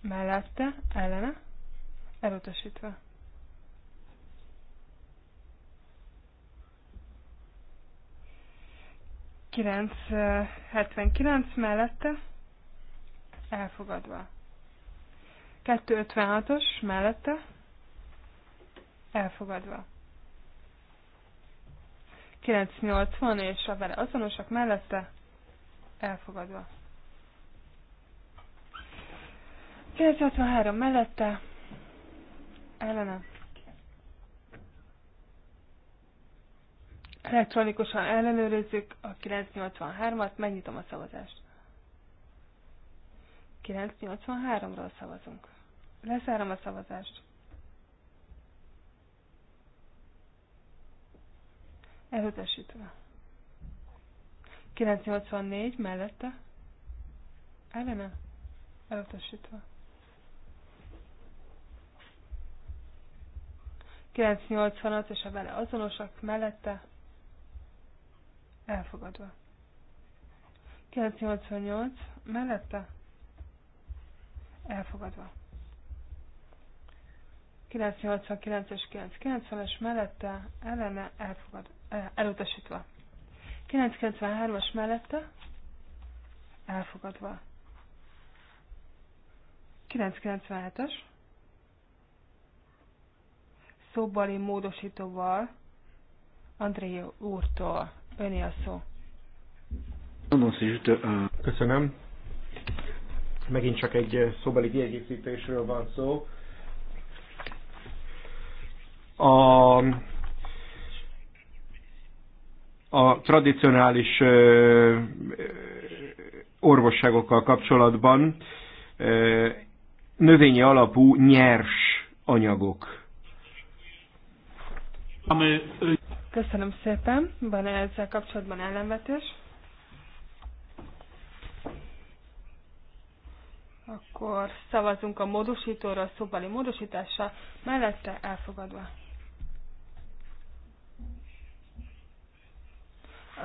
Mellette, ellene, elutasítva. Kilenc, 79 mellette, elfogadva. 256-os mellette, elfogadva. 980 és a vele azonosak mellette elfogadva. 963 mellette ellene. Elektronikusan ellenőrizzük a 983-at, megnyitom a szavazást. 983-ról szavazunk. Lezárom a szavazást. 983-ról. Elutasítva. 984 mellette. Ellene. Elutasítva. 985 és a vele azonosak mellette. Elfogadva. 988 mellette. Elfogadva. 989 és 990-es mellette ellene elfogad, eh, elutasítva. 993-as mellette elfogadva. 997-es szóbali módosítóval André úrtól. Öné a szó. Köszönöm. Megint csak egy szóbeli kiegészítésről van szó a, a tradicionális orvosságokkal kapcsolatban növényi alapú nyers anyagok. Köszönöm szépen. van -e ezzel kapcsolatban ellenvetés? Akkor szavazunk a módosítóra, a szobali módosítása mellette elfogadva.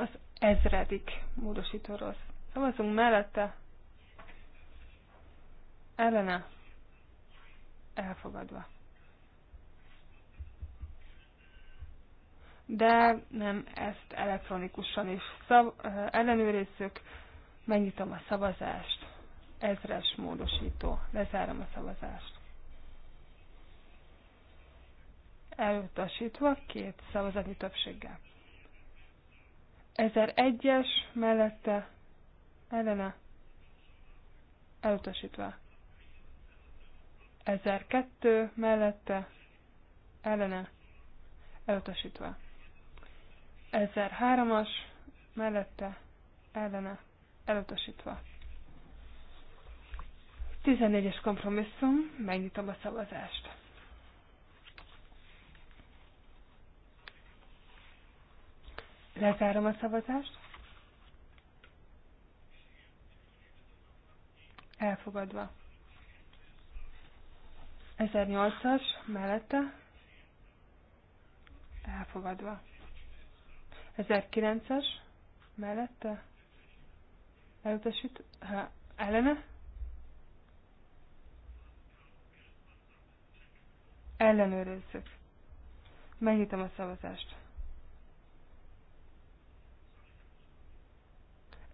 az ezredik módosítóról szavazunk mellette, ellene elfogadva. De nem ezt elektronikusan is szav- ellenőrizzük. Megnyitom a szavazást. Ezres módosító. Lezárom a szavazást. Elutasítva két szavazati többséggel. 1001-es mellette ellene elutasítva. 1002 mellette ellene elutasítva. 1003-as mellette ellene elutasítva. 14-es kompromisszum, megnyitom a szavazást. Lezárom a szavazást. Elfogadva. 1008-as mellette. Elfogadva. 1009 as mellette. Elutasít. Ha, ellene. Ellenőrizzük. Megnyitom a szavazást.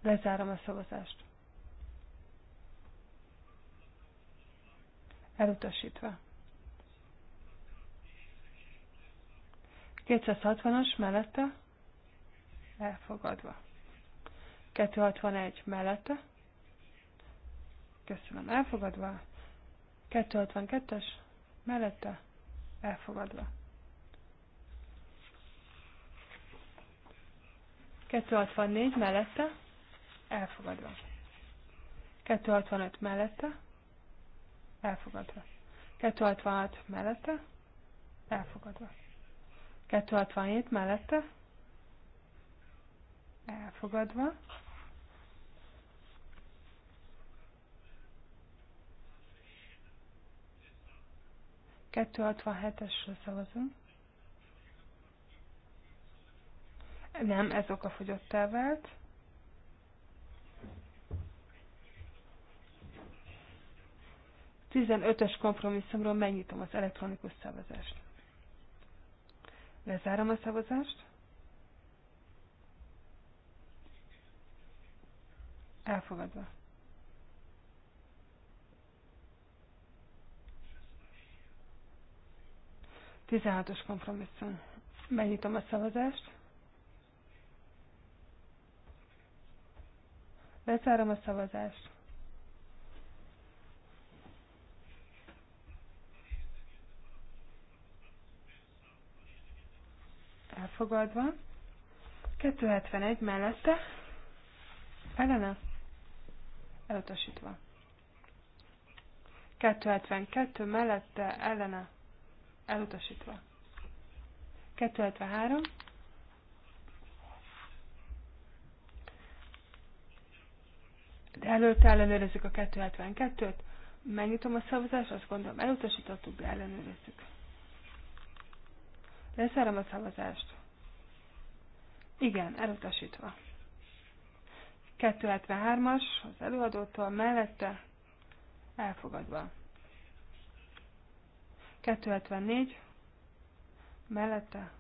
Lezárom a szavazást. Elutasítva. 260-as mellette. Elfogadva. 261 mellette. Köszönöm. Elfogadva. 262-es mellette. Elfogadva. 264 mellette elfogadva. 265 mellette, elfogadva. 266 mellette, elfogadva. 267 mellette, elfogadva. 267-esről szavazunk. Nem, ez okafogyottá vált. 15-ös kompromisszumról megnyitom az elektronikus szavazást. Lezárom a szavazást. Elfogadva. Tizenhatos kompromisszum. Megnyitom a szavazást. Lezárom a szavazást. elfogadva. 271 mellette, ellene, elutasítva. 272 mellette, ellene, elutasítva. 273. De előtte ellenőrizzük a 272-t, megnyitom a szavazást, azt gondolom elutasítottuk, de ellenőrizzük. Leszárom a szavazást. Igen, elutasítva. 273-as az előadótól mellette elfogadva. 274 mellette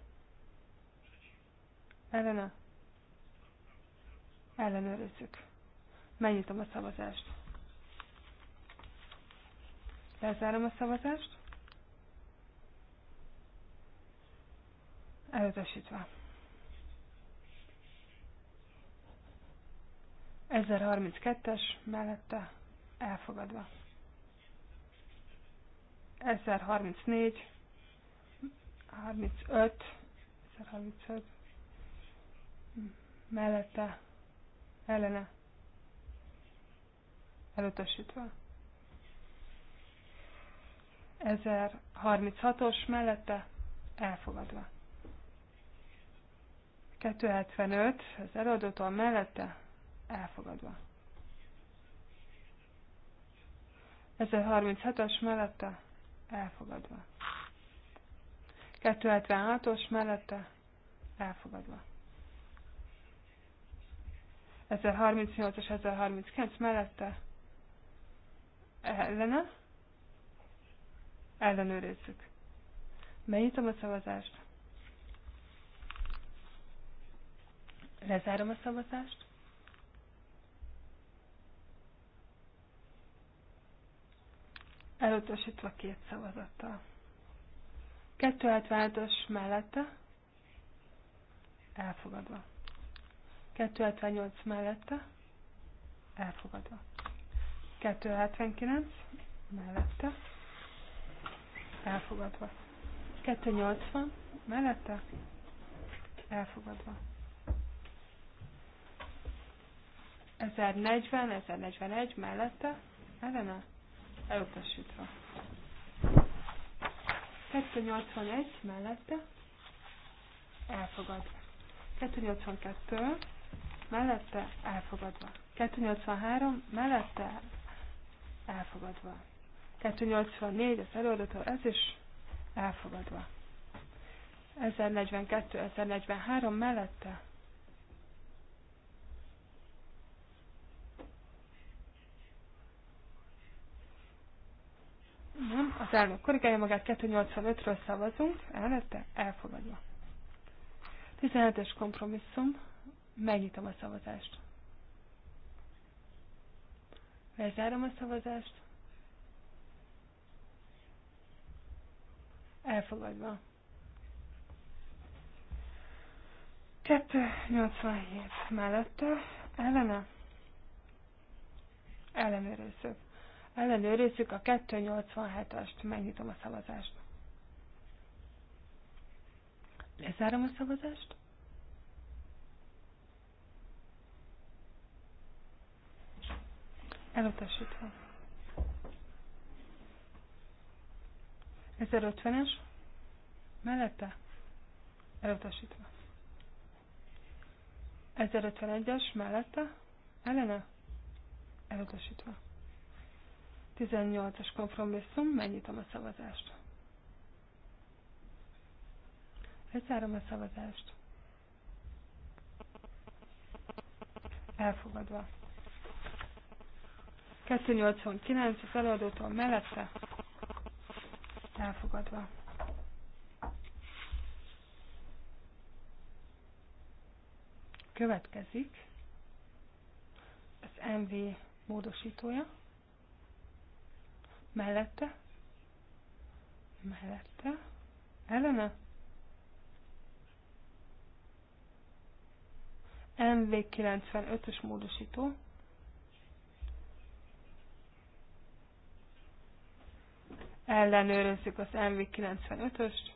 ellene ellenőrizzük. Megnyitom a szavazást. Lezárom a szavazást. Elutasítva. 1032-es mellette elfogadva. 1034, 35, 1035 mellette ellene elutasítva. 1036-os mellette elfogadva. 275 az eladótól mellette elfogadva. 1036 as mellette elfogadva. 276-os mellette elfogadva. 1038-as, 1039 mellette ellene ellenőrizzük. Megnyitom a szavazást. Lezárom a szavazást. Elutasítva két szavazattal. 276-os mellette elfogadva. 278 mellette elfogadva. 279 mellette elfogadva. 280 mellette elfogadva. 1040, 1041 mellette, ellene, elutasítva. 281 mellette, elfogadva. 282 mellette, elfogadva. 283 mellette, elfogadva. 284 az előadató, ez is elfogadva. 1042, 1043 mellette, Nem, az elnök korrigálja magát, 285-ről szavazunk, elvette, elfogadva. 17-es kompromisszum, megnyitom a szavazást. Lezárom a szavazást. Elfogadva. 287 mellette, ellene, ellenőrizzük ellenőrizzük a 287-est, megnyitom a szavazást. Lezárom a szavazást. Elutasítva. 1050-es. Mellette. Elutasítva. 1051-es. Mellette. Ellene. Elutasítva. 18-as kompromisszum, megnyitom a szavazást. Lezárom a szavazást. Elfogadva. 289 az előadótól mellette. Elfogadva. Következik az MV módosítója mellette, mellette, ellene. MV95-ös módosító. Ellenőrözzük az MV95-öst,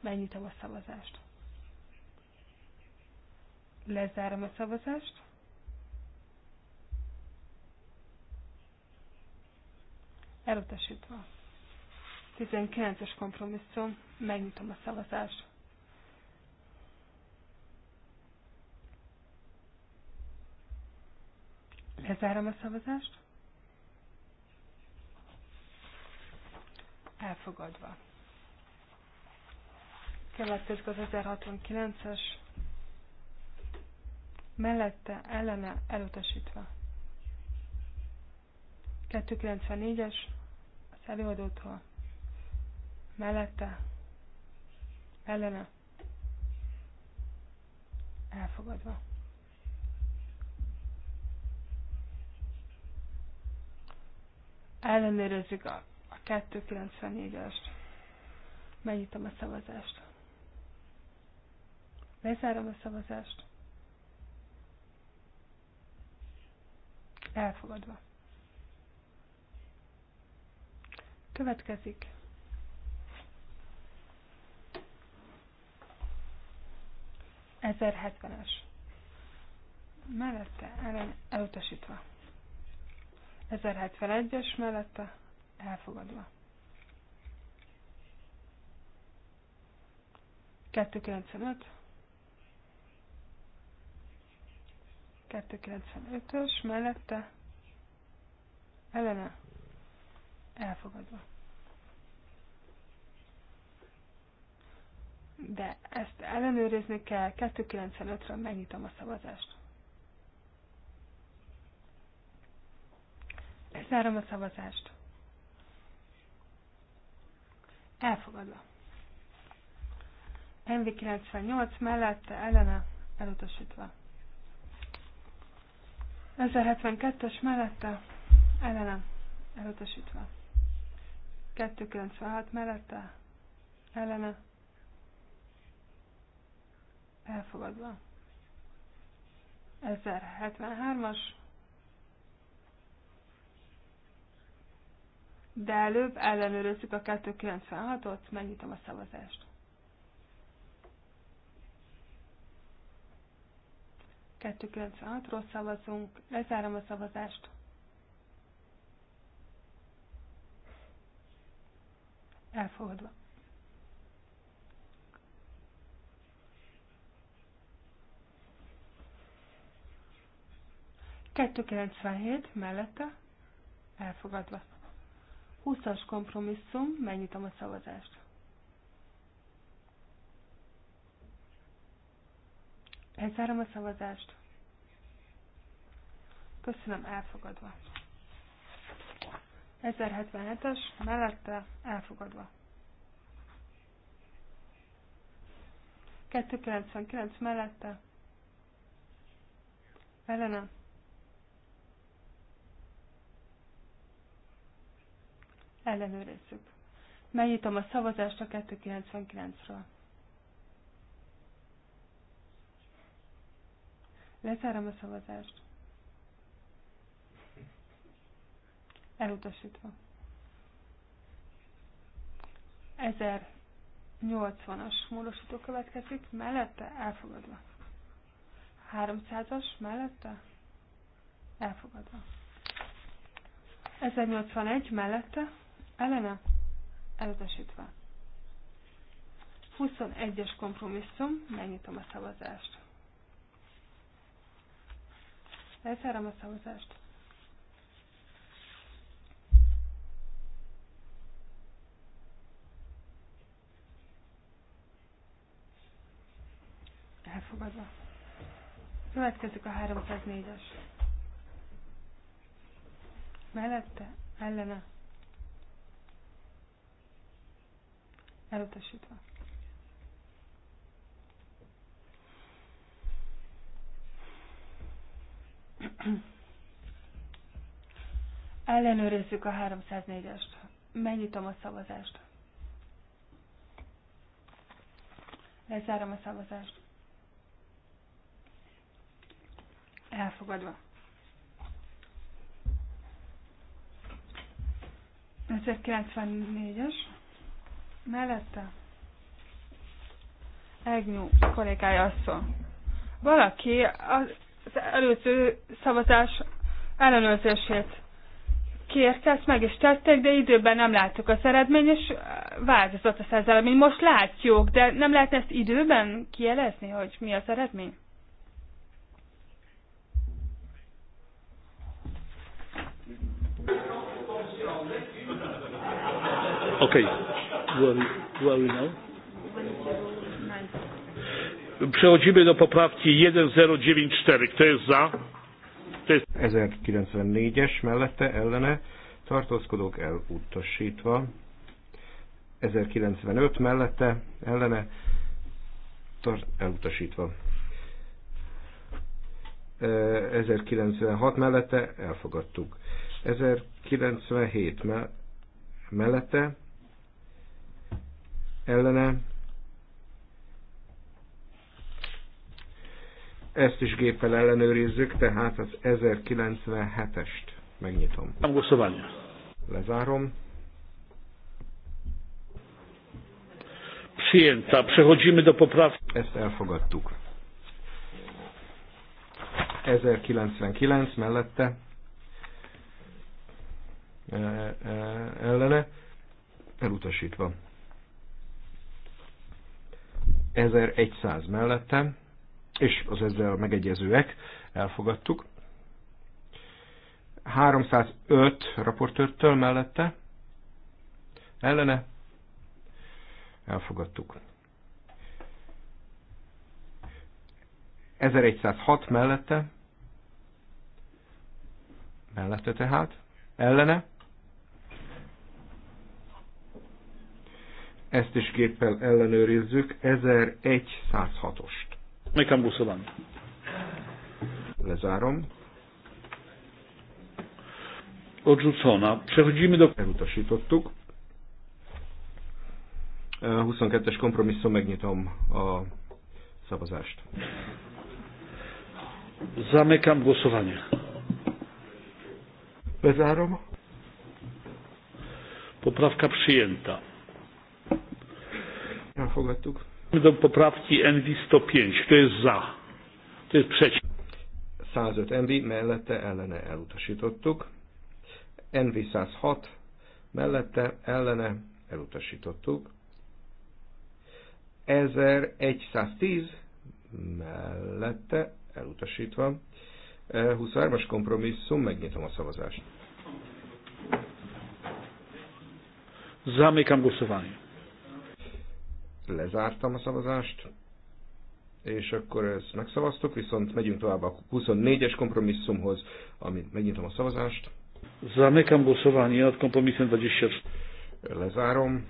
megnyitom a szavazást. Lezárom a szavazást. Elutasítva. 19-es kompromisszum. Megnyitom a szavazást. Lezárom a szavazást. Elfogadva. Következik az 1069-es. Mellette, ellene, elutasítva. 294-es előadótól. Mellette. Ellene. Elfogadva. Ellenőrizzük a, a 294-est. Megnyitom a szavazást. Lezárom a szavazást. Elfogadva. Következik. Ezer hetvenes. Mellette ellen elutasítva. 1071-es mellette elfogadva. 295 295-ös mellette ellene elfogadva. De ezt ellenőrizni kell, 295-ről megnyitom a szavazást. Lezárom a szavazást. Elfogadva. MV98 mellette ellene elutasítva. 1072-es mellette ellene elutasítva. 296 mellette ellene elfogadva. 1073-as. De előbb ellenőrizzük a 296-ot, megnyitom a szavazást. 296-ról szavazunk, lezárom a szavazást. elfogadva. Kettő mellette elfogadva. 20-as kompromisszum, megnyitom a szavazást. Elzárom a szavazást. Köszönöm, elfogadva. 1077-es mellette elfogadva. 299 mellette ellene ellenőrizzük. Megnyitom a szavazást a 299-ről. Lezárom a szavazást. elutasítva. 1080-as módosító következik, mellette elfogadva. 300-as mellette elfogadva. 1081 mellette ellene elutasítva. 21-es kompromisszum, megnyitom a szavazást. Lezárom a szavazást. Elfogadva. Következik a 304-es. Mellette, ellene. Elutasítva. Ellenőrizzük a 304-est. Megnyitom a szavazást. Lezárom a szavazást. elfogadva. 94 es mellette Egnyú kollégája azt szól. Valaki az előző szavazás ellenőrzését kérte, ezt meg is tették, de időben nem láttuk az eredmény, és változott az eredmény. Most látjuk, de nem lehet ezt időben kielezni, hogy mi az eredmény? Okej. Okay. Przechodzimy do poprawki 1094. Kto jest za? Kto jest... 1094-es mellette ellene tartózkodók elutasítva. 1095 mellette ellene tart, elutasítva. 1096 mellette elfogadtuk. 1097 mellette ellene. Ezt is géppel ellenőrizzük, tehát az 1097-est megnyitom. Lezárom. Przyjęta. Przechodzimy do popraw. Ezt elfogadtuk. 1099 mellette e, e, ellene elutasítva. 1100 mellette, és az ezzel megegyezőek elfogadtuk. 305 raportőrtől mellette, ellene elfogadtuk. 1106 mellette, mellette tehát, ellene ezt is képpel ellenőrizzük, 1106-ost. Nekem buszolom. Lezárom. Odzsucona, Przechodzimy do... Elutasítottuk. 22-es kompromisszum, megnyitom a szavazást. Zamykam głosowanie. Bezárom. Poprawka przyjęta elfogadtuk. Do poprawki NV 105. Kto jest za? To jest przeciw? 105 NV mellette ellene elutasítottuk. NV 106 mellette ellene elutasítottuk. 1110 mellette elutasítva. 23-as kompromisszum, megnyitom a szavazást. Zamykam głosowanie. Lezártam a szavazást, és akkor ezt megszavaztuk, viszont megyünk tovább a 24-es kompromisszumhoz, amit megnyitom a szavazást. Zamykam głosowanie nad kompromisem 24. Lezárom.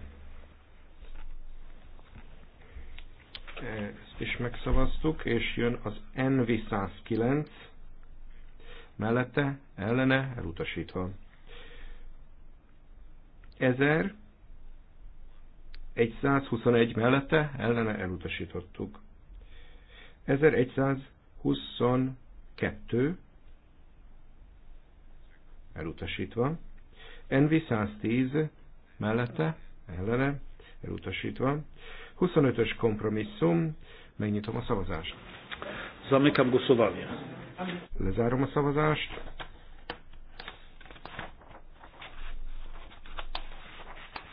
Ezt is megszavaztuk, és jön az NV 109. Mellette, ellene, elutasítva. 1000 1121 mellette ellene elutasítottuk. 1122 elutasítva. NV 110 mellette ellene elutasítva. 25-ös kompromisszum, megnyitom a szavazást. Zamykam głosowanie. Lezárom a szavazást.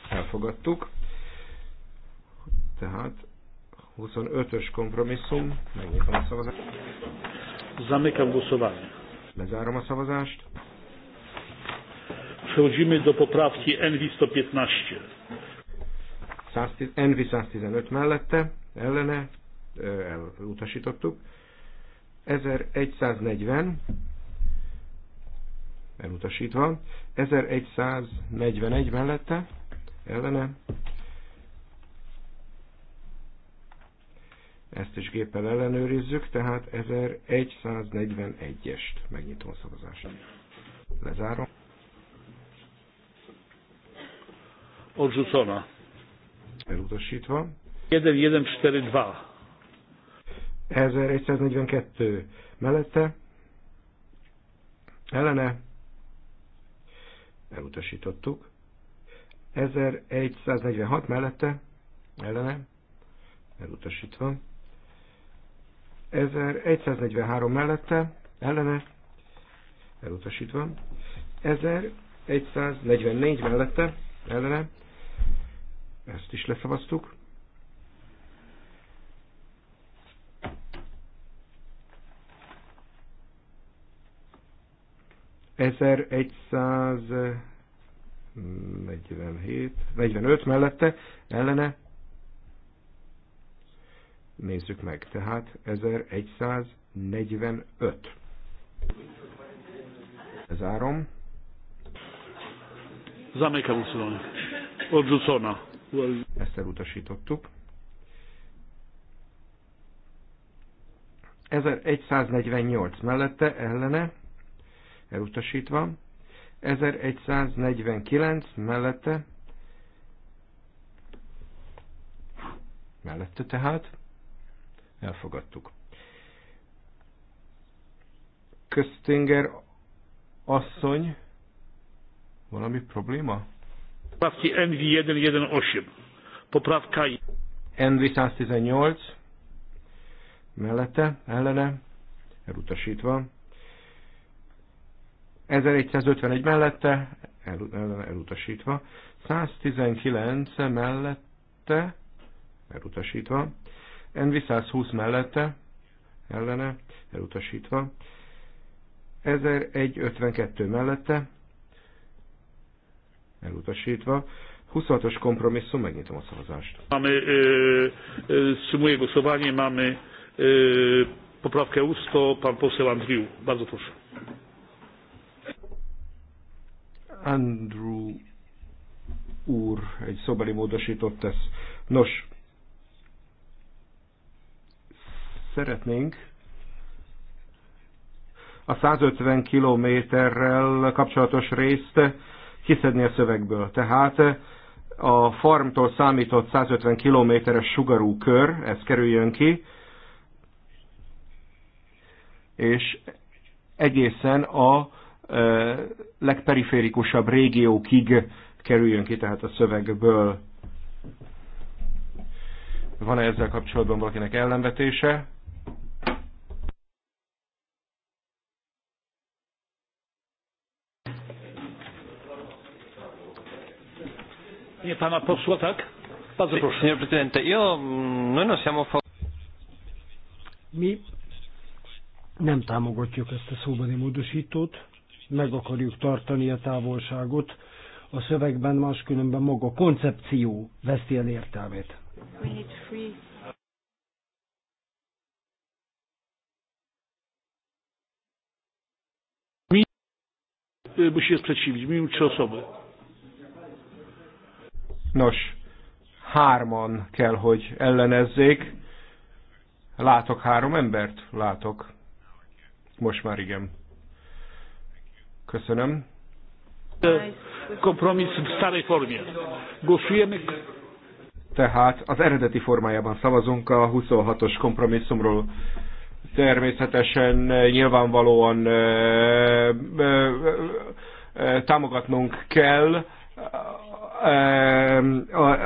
Elfogadtuk. Tehát 25-ös kompromisszum. Megnyitom a szavazást. Zamykam głosowanie. Lezárom a szavazást. Przechodzimy do poprawki NV 115. NV 115 mellette, ellene, e, elutasítottuk. 1140 elutasítva, 1141 mellette, ellene, ezt is géppel ellenőrizzük, tehát 1141-est megnyitom a szavazást. Lezárom. Odrzucona. Elutasítva. 1142. 1142 mellette. Ellene. Elutasítottuk. 1146 mellette. Ellene. Elutasítva. 1143 mellette, ellene, elutasítva, 1144 mellette, ellene, ezt is leszavaztuk, Ezer 1147, 45 mellette, ellene, Nézzük meg, tehát 1145. Zárom. Zamykam usuwanie. Odrzucona. Ezt elutasítottuk. 1148 mellette ellene elutasítva, 1149 mellette mellette tehát Elfogadtuk. Köztinger asszony, valami probléma? Poprawki NV 118. Poprawka NV 118 mellette, ellene, elutasítva. 1151 mellette, el, el, elutasítva. 119 mellette, elutasítva. NV 120 mellette, ellene, elutasítva. 1152 mellette, elutasítva. 26-os kompromisszum, megnyitom a szavazást. Mamy, ö, e, a e, sumuję głosowanie, mamy ö, e, poprawkę usto, pan poseł Andriu. Bardzo proszę. Andrew úr egy szobeli módosított tesz. Nos, Szeretnénk a 150 kilométerrel kapcsolatos részt kiszedni a szövegből. Tehát a farmtól számított 150 kilométeres sugarú kör, ez kerüljön ki, és egészen a e, legperiférikusabb régiókig kerüljön ki, tehát a szövegből. Van-e ezzel kapcsolatban valakinek ellenvetése? pytanie pana posła, tak? Bardzo proszę. Signor Presidente, io, mm, noi non siamo fa... Mi nem támogatjuk ezt a szóbeli módosítót, meg akarjuk tartani a távolságot. A szövegben máskülönben maga a koncepció veszti el értelmét. musi sprzeciwić, minimum trzy osoby. Nos, hárman kell, hogy ellenezzék. Látok három embert? Látok. Most már igen. Köszönöm. Tehát az eredeti formájában szavazunk a 26-os kompromisszumról. Természetesen eh, nyilvánvalóan eh, eh, támogatnunk kell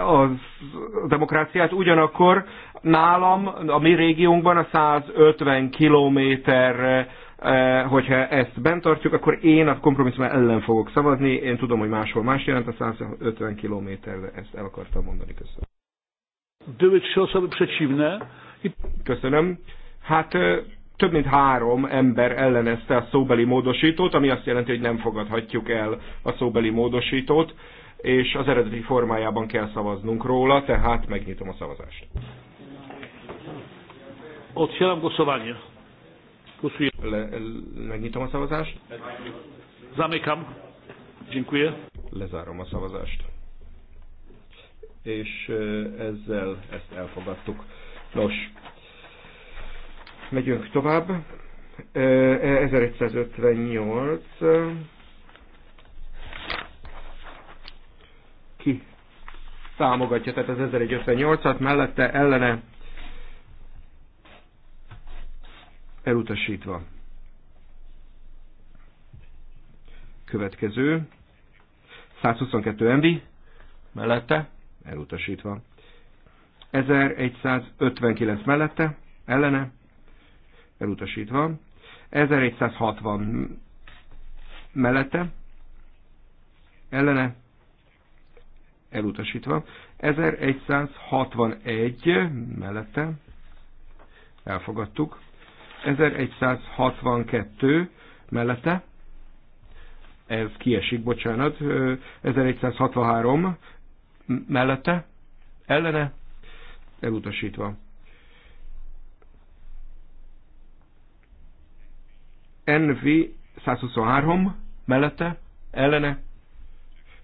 az demokráciát, ugyanakkor nálam, a mi régiónkban a 150 kilométer hogyha ezt bent tartjuk, akkor én a kompromisszum ellen fogok szavazni. Én tudom, hogy máshol más jelent a 150 kilométerre. Ezt el akartam mondani. Köszönöm. Köszönöm. Hát több mint három ember ellenezte a szóbeli módosítót, ami azt jelenti, hogy nem fogadhatjuk el a szóbeli módosítót, és az eredeti formájában kell szavaznunk róla, tehát megnyitom a szavazást. Ott jelen Głosuję. megnyitom a szavazást. Zamykam. Dziękuję. Lezárom a szavazást. És e, ezzel ezt elfogadtuk. Nos, Megyünk tovább. 1158. E, Ki támogatja, tehát az 1158-at mellette ellene elutasítva. Következő. 122 MV mellette elutasítva. 1159 mellette ellene elutasítva. 1160 mellette, ellene, elutasítva. 1161 mellette, elfogadtuk. 1162 mellette, ez kiesik, bocsánat, 1163 mellette, ellene, elutasítva. NV 123 mellette, ellene,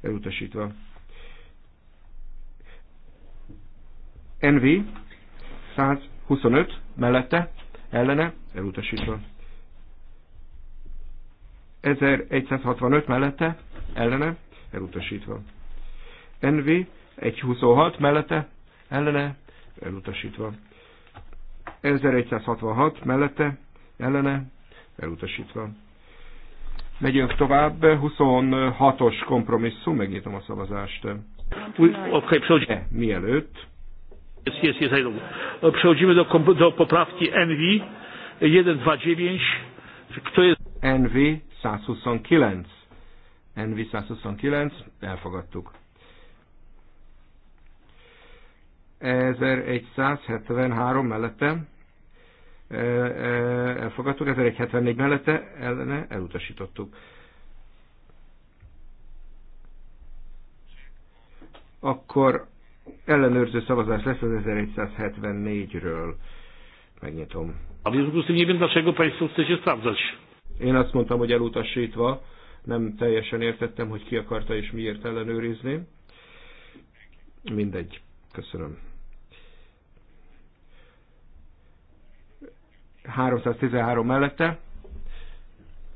elutasítva. NV 125 mellette, ellene, elutasítva. 1165 mellette, ellene, elutasítva. NV 126 mellette, ellene, elutasítva. 1166 mellette, ellene, elutasítva. Megyünk tovább, 26-os kompromisszum, megnyitom a szavazást. Okay, eh, Mielőtt. Jest, jest, jest, e, przechodzimy do, do poprawki NV 129. Kto jest? NV 129. NV 129, elfogadtuk. 1173 mellette elfogadtuk, 1174 mellette ellene elutasítottuk. Akkor ellenőrző szavazás lesz az 1174-ről. Megnyitom. Én azt mondtam, hogy elutasítva, nem teljesen értettem, hogy ki akarta és miért ellenőrizni. Mindegy. Köszönöm. 313 mellette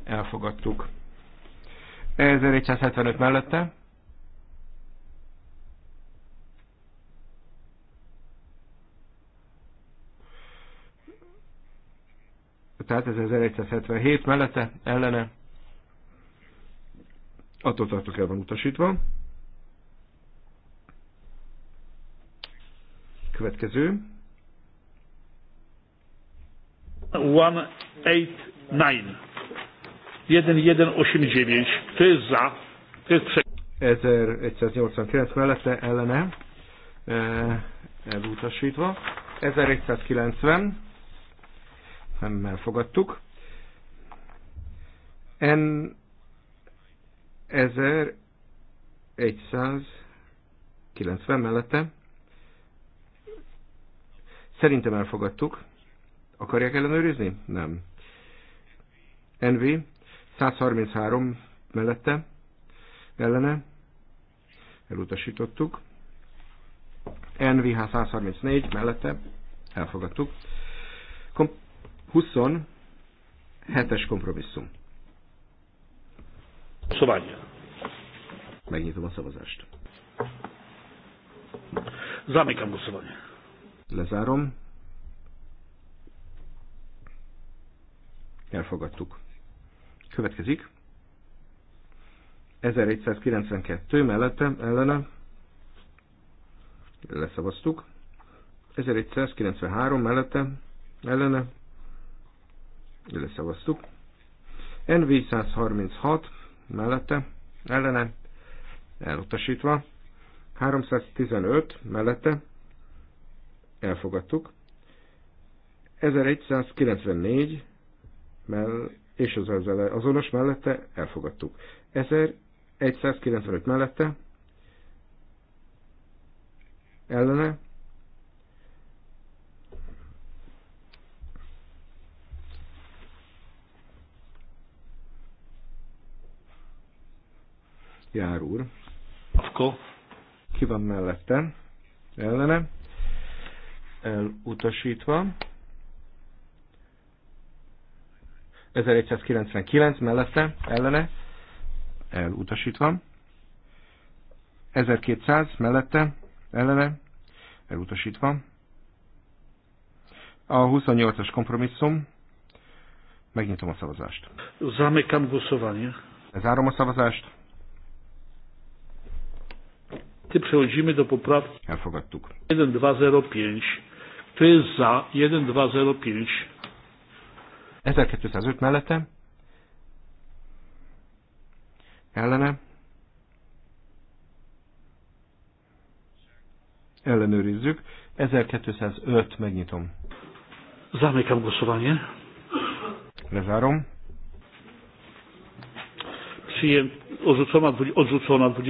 elfogadtuk. 1175 mellette tehát 1177 mellette ellene attól tartok el van utasítva. Következő 189. 1189. Kto jest za? Kto jest 1189 mellette ellene e, elutasítva. 1190 nem elfogadtuk. N 1190 mellette szerintem elfogadtuk. Akarják ellenőrizni? Nem. NV 133 mellette, ellene, elutasítottuk. NVH 134 mellette, elfogadtuk. Kom 27-es kompromisszum. Szobányja. Megnyitom a szavazást. a głosowanie. Lezárom. Elfogadtuk. Következik. 1192 mellette, ellene leszavaztuk. 1193 mellette, ellene leszavaztuk. NV 136 mellette, ellene elutasítva. 315 mellette elfogadtuk. 1194 mell és az ezzel azonos mellette elfogadtuk. 1195 mellette ellene jár úr. Akkor ki van mellette? Ellene. Elutasítva. 1199 mellette, ellene, elutasítva. 1200 mellette, ellene, elutasítva. A 28-as kompromisszum. Megnyitom a szavazást. Zamykam głosowanie. Zárom a szavazást. Przechodzimy do poprawki. Elfogadtuk. 1205. Kto jest za 1205? 1205 mellette, ellene, ellenőrizzük, 1205 megnyitom. Zárnékem głosowanie. Lezárom. az odrzucona, odrzucona 20.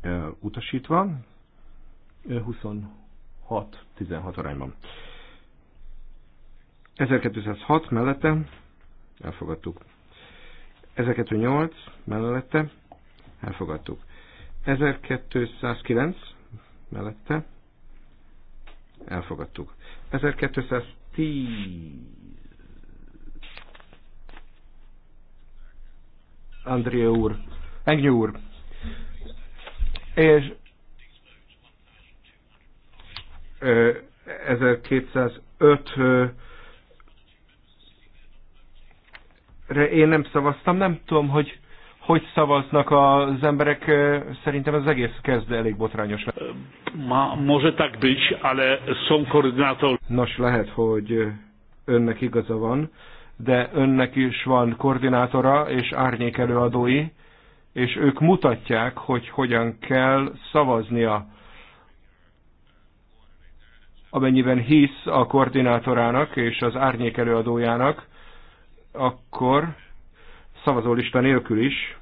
E, utasítva, 26-16 e, arányban. 1206 mellette elfogadtuk. 1208 mellette elfogadtuk. 1209 mellette elfogadtuk. 1210 Andrea úr, Engnyi úr, és 1205 én nem szavaztam, nem tudom, hogy hogy szavaznak az emberek, szerintem az egész kezd elég botrányos. Ma, może tak być, ale są koordinátor. Nos, lehet, hogy önnek igaza van, de önnek is van koordinátora és árnyék előadói, és ők mutatják, hogy hogyan kell szavaznia, amennyiben hisz a koordinátorának és az árnyék előadójának, akkor szavazólista nélkül is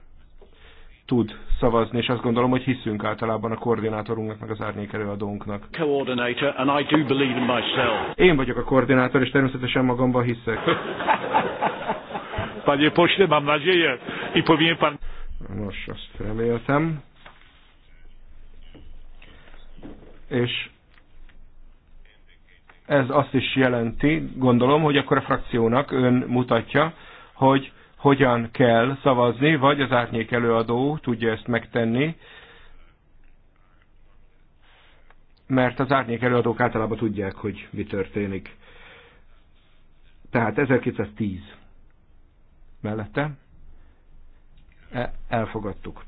tud szavazni, és azt gondolom, hogy hiszünk általában a koordinátorunknak, meg az árnyék előadónknak. And I do believe in myself. Én vagyok a koordinátor, és természetesen magamban hiszek. [laughs] Panie pośle, mam nadzieję, i powinien pan... Nos, azt reméltem. És ez azt is jelenti, gondolom, hogy akkor a frakciónak ön mutatja, hogy hogyan kell szavazni, vagy az árnyék előadó tudja ezt megtenni, mert az árnyék előadók általában tudják, hogy mi történik. Tehát 1210 mellette e, elfogadtuk.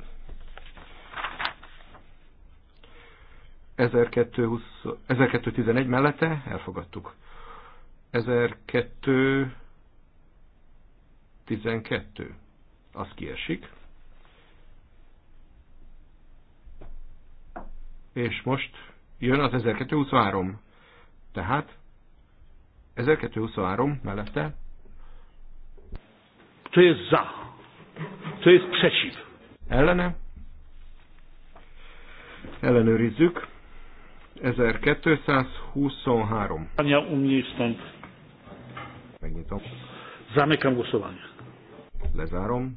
1211 mellette elfogadtuk. 1212 az kiesik. És most jön az 1223. Tehát 1223 mellette. To jest za. To jest przeciw. Ellene. Ellenőrizzük. 1223. Megnyitom. Zamykam głosowanie. Lezárom.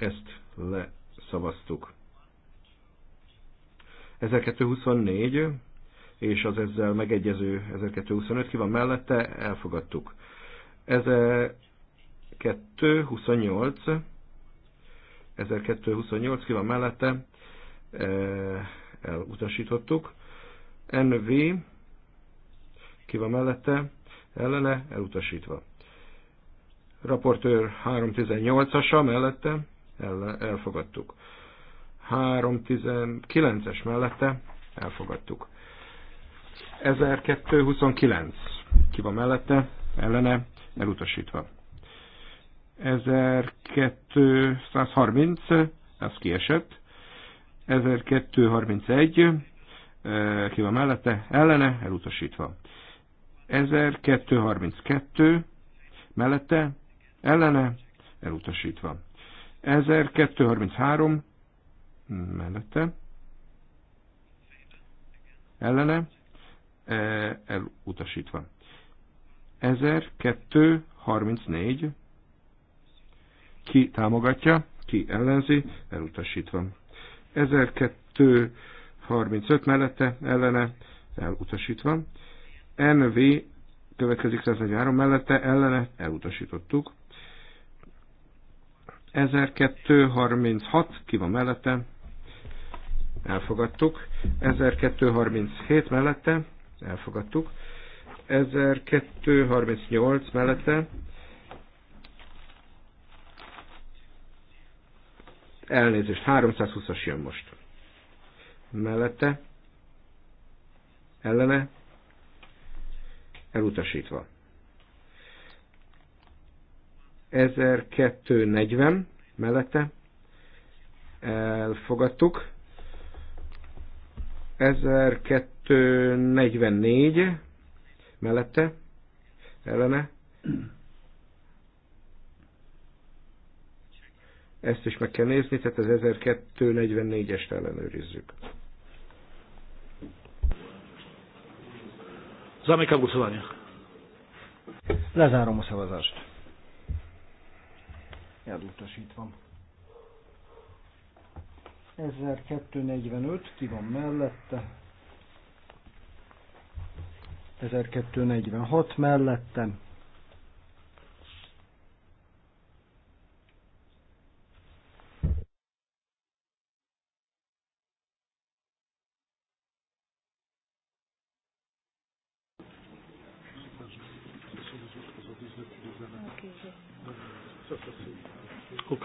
Ezt leszavaztuk. 1224 és az ezzel megegyező 1225 ki van mellette, elfogadtuk. 1228 1228 ki van mellette, elutasítottuk. NV ki van mellette, ellene elutasítva. Raportőr 318-asa mellette elfogadtuk. 319-es mellette elfogadtuk. 1229 ki van mellette, ellene elutasítva. 1230 ez kiesett, 1231, ki van mellette, ellene, elutasítva. 1232, mellette, ellene, elutasítva. 1233, mellette, ellene, elutasítva. 1234, ki támogatja, ki ellenzi, elutasítva. 1235 mellette ellene elutasítva. NV következik 143 mellette ellene elutasítottuk. 1236 ki van mellette elfogadtuk. 1237 mellette elfogadtuk. 1238 mellette elnézést, 320-as jön most. Mellette, ellene, elutasítva. 1240 mellette elfogadtuk. 1244 mellette ellene Ezt is meg kell nézni, tehát az 1244-est ellenőrizzük. Zamykam głosowanie. Lezárom a szavazást. Elutasítva. 1245, ki van mellette? 1246 mellettem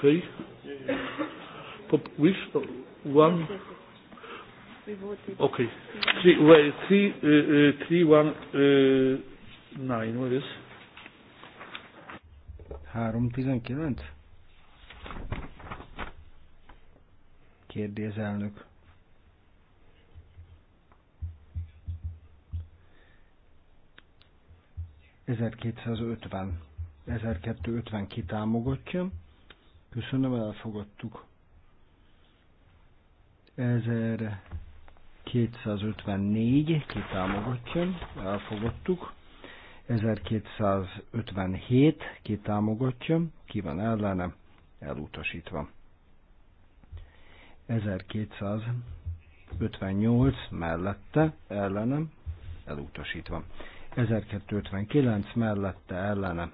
Okay. Pop, which one? Okay. Three, wait, three, uh, uh, three, one, uh, nine. What is? Három tizenkilenc? Kérdi az elnök. Ezerkétszázötven. 1250 kitámogatja Köszönöm, elfogadtuk. 1254, ki támogatja, elfogadtuk. 1257, ki támogatja, ki van ellene, elutasítva. 1258 mellette, ellene, elutasítva. 1259 mellette, ellenem,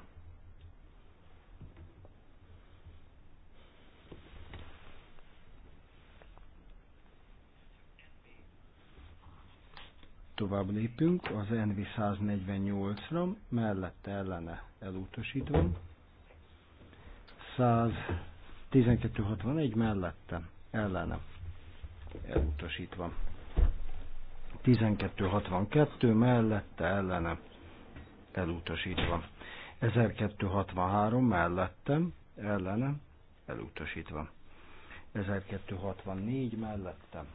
tovább lépünk az NV 148-ra, mellette ellene elutasítva. 11261 mellette ellene elutasítva. 1262 mellette ellene elutasítva. 1263 mellette ellene elutasítva. 1264 mellette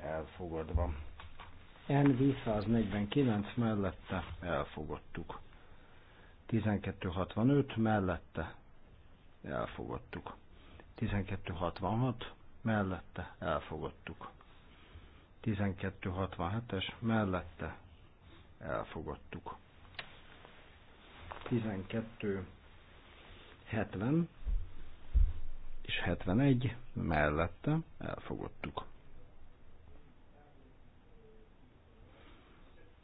elfogadva. N 149 mellette elfogadtuk. 1265 mellette elfogadtuk. 1266 mellette elfogadtuk. 1267-es mellette elfogadtuk. 1270 és 71 mellette elfogadtuk.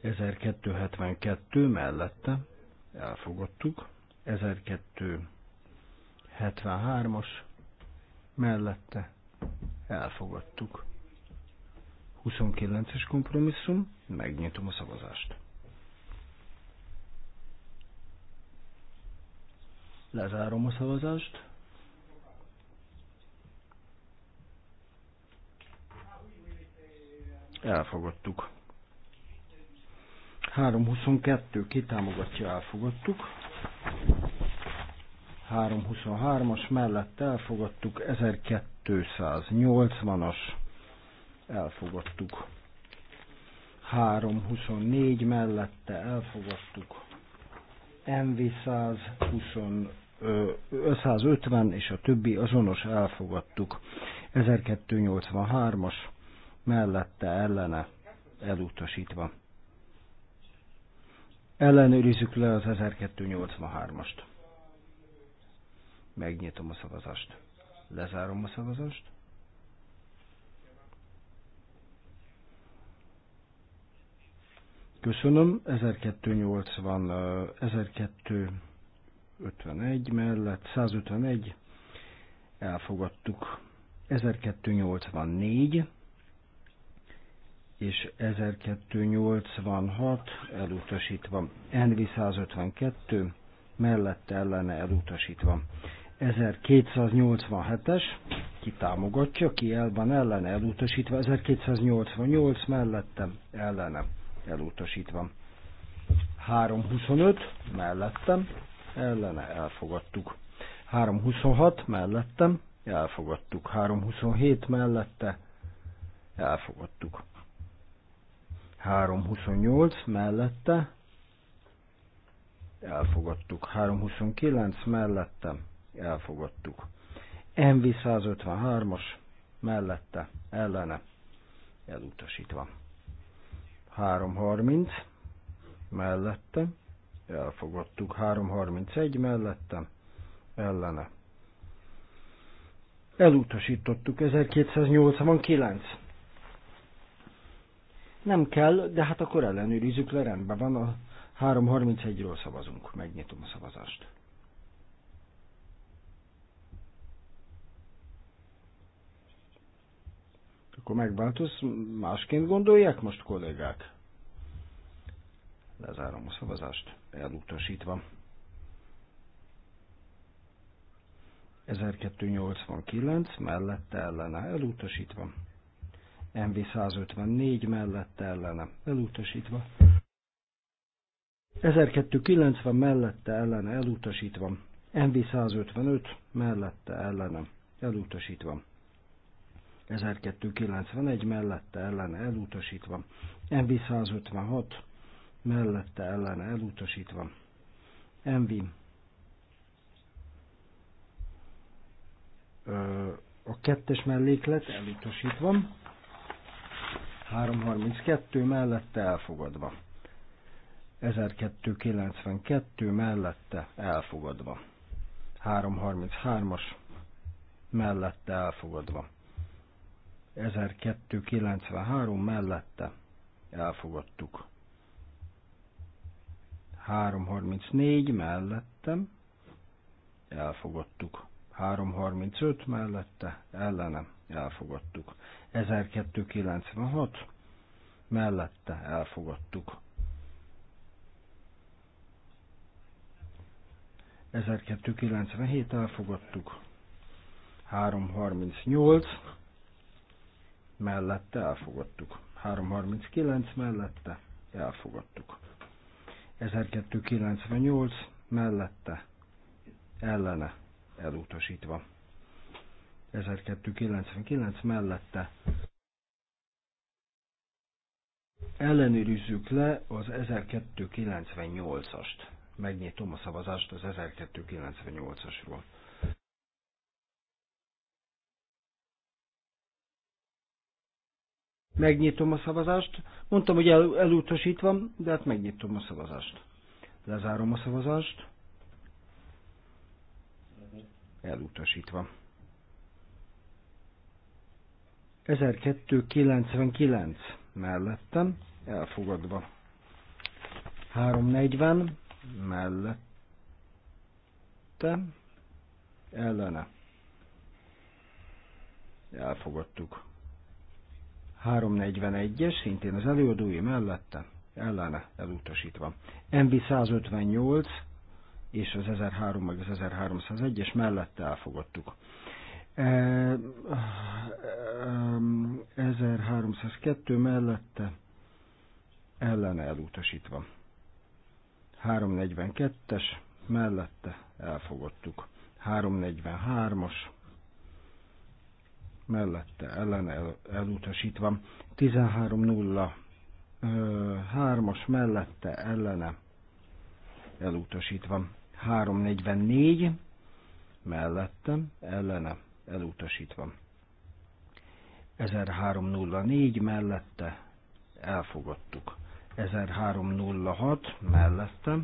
1272 mellette elfogadtuk, 1273-as mellette elfogadtuk. 29-es kompromisszum, megnyitom a szavazást. Lezárom a szavazást. Elfogadtuk. 322 kitámogatja, elfogadtuk. 323-as mellett elfogadtuk, 1280-as elfogadtuk. 324 mellette elfogadtuk. MV 120 550 és a többi azonos elfogadtuk. 1283-as mellette ellene elutasítva. Ellenőrizzük le az 1283-ast. Megnyitom a szavazást. Lezárom a szavazást. Köszönöm. 1280, 1251 mellett, 151 elfogadtuk. 1284 és 1286 elutasítva. Envi 152 mellette ellene elutasítva. 1287-es, ki támogatja, ki el van ellene elutasítva, 1288 mellette ellene elutasítva. 325 mellettem, ellene elfogadtuk. 326 mellettem, elfogadtuk. 327 mellette, elfogadtuk. 328 mellette elfogadtuk. 329 mellette elfogadtuk. MV 153-as mellette ellene elutasítva. 330 mellette elfogadtuk. 331 mellette ellene elutasítottuk 1289 nem kell, de hát akkor ellenőrizzük le, rendben van, a 331-ről szavazunk. Megnyitom a szavazást. Akkor megváltoz, másként gondolják most kollégák? Lezárom a szavazást, elutasítva. 1289 mellette ellene elutasítva. MV 154 mellette ellene elutasítva. 1290 mellette ellene elutasítva. MV 155 mellette ellene elutasítva. 1291 mellette ellene elutasítva. MV 156 mellette ellene elutasítva. MV a kettes melléklet elutasítva. 332 mellette elfogadva. 1292 mellette elfogadva. 333-as mellette elfogadva. 1293 mellette elfogadtuk. 334 mellettem elfogadtuk. 335 mellette ellenem elfogadtuk. 1296 mellette elfogadtuk. 1297 elfogadtuk. 338 mellette elfogadtuk. 339 mellette elfogadtuk. 1298 mellette ellene elutasítva. 1299 mellette ellenőrizzük le az 1298-ast. Megnyitom a szavazást az 1298-asról. Megnyitom a szavazást. Mondtam, hogy el, elutasítva, de hát megnyitom a szavazást. Lezárom a szavazást. Elutasítva. 1299 mellettem, elfogadva. 340 mellette, ellene. Elfogadtuk. 341-es, szintén az előadói mellette, ellene elutasítva. MB 158 és az 1300 meg az 1301-es mellette elfogadtuk. 1302 mellette ellene elutasítva. 342-es mellette elfogadtuk. 343-as mellette ellene elutasítva. 1303-as mellette ellene elutasítva. 344 mellette ellene elutasítva. 1304 mellette elfogadtuk. 1306 mellette.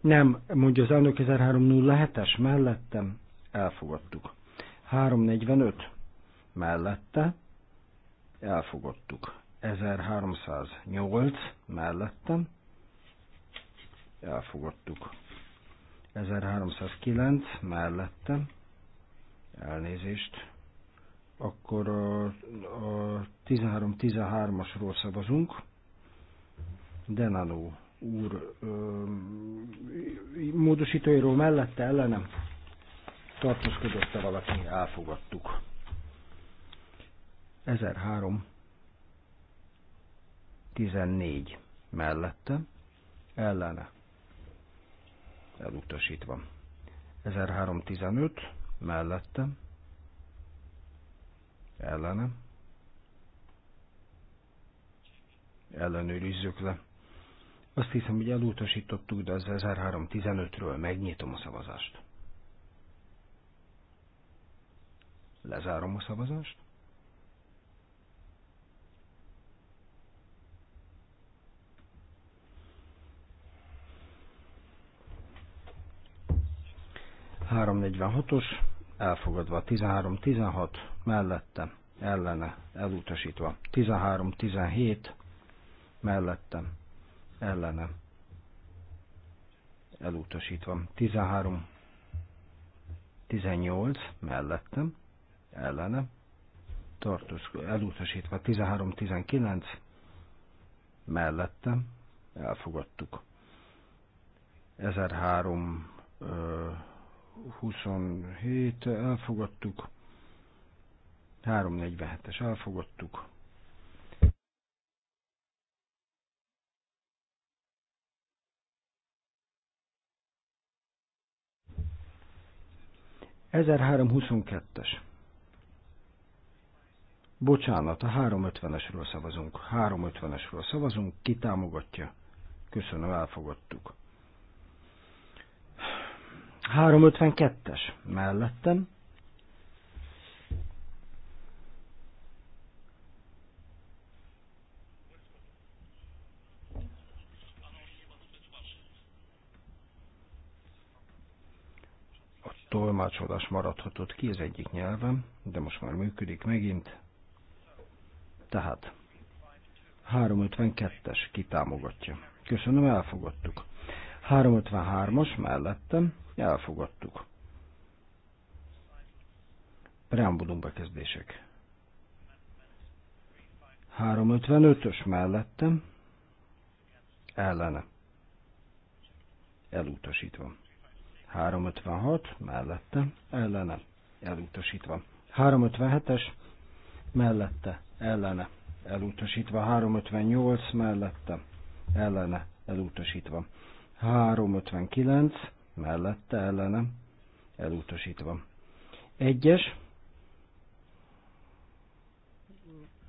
Nem, mondja az elnök 1307-es mellette elfogadtuk. 345 mellette elfogadtuk. 1308 mellette elfogadtuk. 1309 mellette elnézést, akkor a, a 13-13-asról szavazunk. Denano úr ö, módosítóiról mellette ellenem tartózkodott-e valaki, elfogadtuk. 1003 14 mellette ellene elutasítva. 1315 mellettem, ellenem, ellenőrizzük le. Azt hiszem, hogy elutasítottuk, de az 1315-ről megnyitom a szavazást. Lezárom a szavazást. 346-os, elfogadva 13-16, mellette, ellene, elutasítva 13-17, mellette, ellene, elutasítva 13-18, mellettem, ellene, elutasítva 13-19, mellettem, elfogadtuk. 13 27 elfogadtuk, 347-es elfogadtuk. es Bocsánat, a 350-esről szavazunk. 350-esről szavazunk, ki támogatja? Köszönöm, elfogadtuk. 352-es mellettem. A tolmácsolás maradhatott ki az egyik nyelvem, de most már működik megint. Tehát 352-es kitámogatja. Köszönöm, elfogadtuk. 353-as mellettem. Elfogadtuk. Preambulum bekezdések. 355-ös mellettem, ellene. Elutasítva. 356 mellette, ellene. Elutasítva. 357-es mellette, ellene. Elutasítva. 358 mellette, ellene. Elutasítva. 359 mellette ellenem elutasítva. Egyes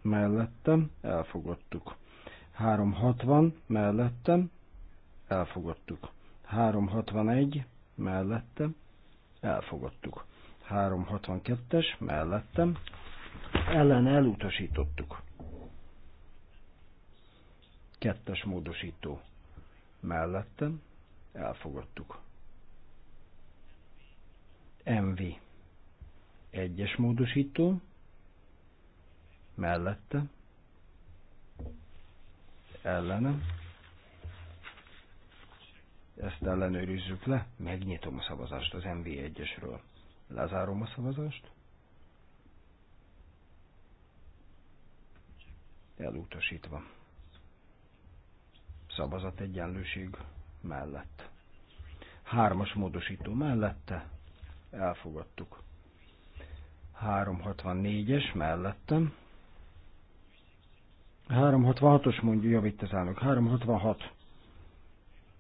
mellettem elfogadtuk. 360 mellettem elfogadtuk. 361 mellettem elfogadtuk. 362-es mellettem ellen elutasítottuk. Kettes módosító mellettem elfogadtuk. MV egyes módosító, mellette, ellene, ezt ellenőrizzük le, megnyitom a szavazást az MV1-esről. Lezárom a szavazást. Elutasítva. Szavazat egyenlőség mellett. Hármas módosító mellette, elfogadtuk. 364-es mellettem. 366-os mondja, javít az elnök. 366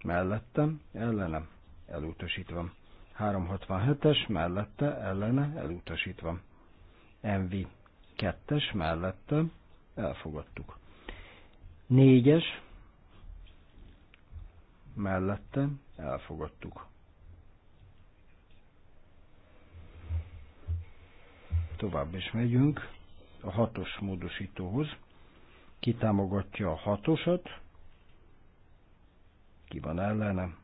mellettem, ellenem, elutasítva. 367-es mellette, ellene, elutasítva. MV 2-es mellette, elfogadtuk. 4-es mellette, elfogadtuk. tovább is megyünk a hatos módosítóhoz. Ki támogatja a hatosat? Ki van ellenem?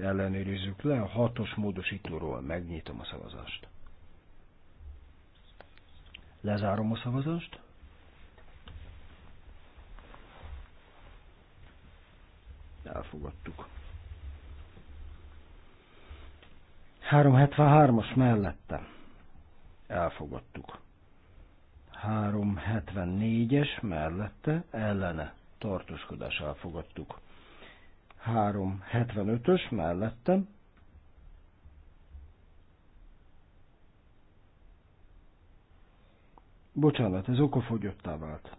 ellenőrizzük le, a hatos módosítóról megnyitom a szavazást. Lezárom a szavazást. 73 as mellette elfogadtuk. 374-es mellette ellene tartózkodás elfogadtuk. 375-ös mellette Bocsánat, ez okafogyottá vált.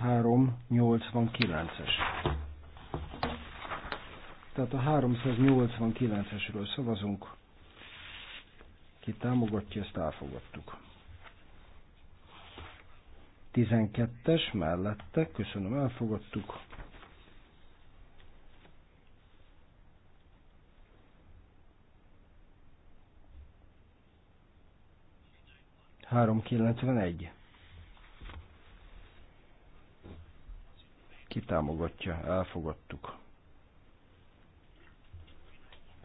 389-es tehát a 389-esről szavazunk. Ki támogatja, ezt elfogadtuk. 12-es mellette, köszönöm, elfogadtuk. Három kilencvenegy. Ki támogatja? Elfogadtuk.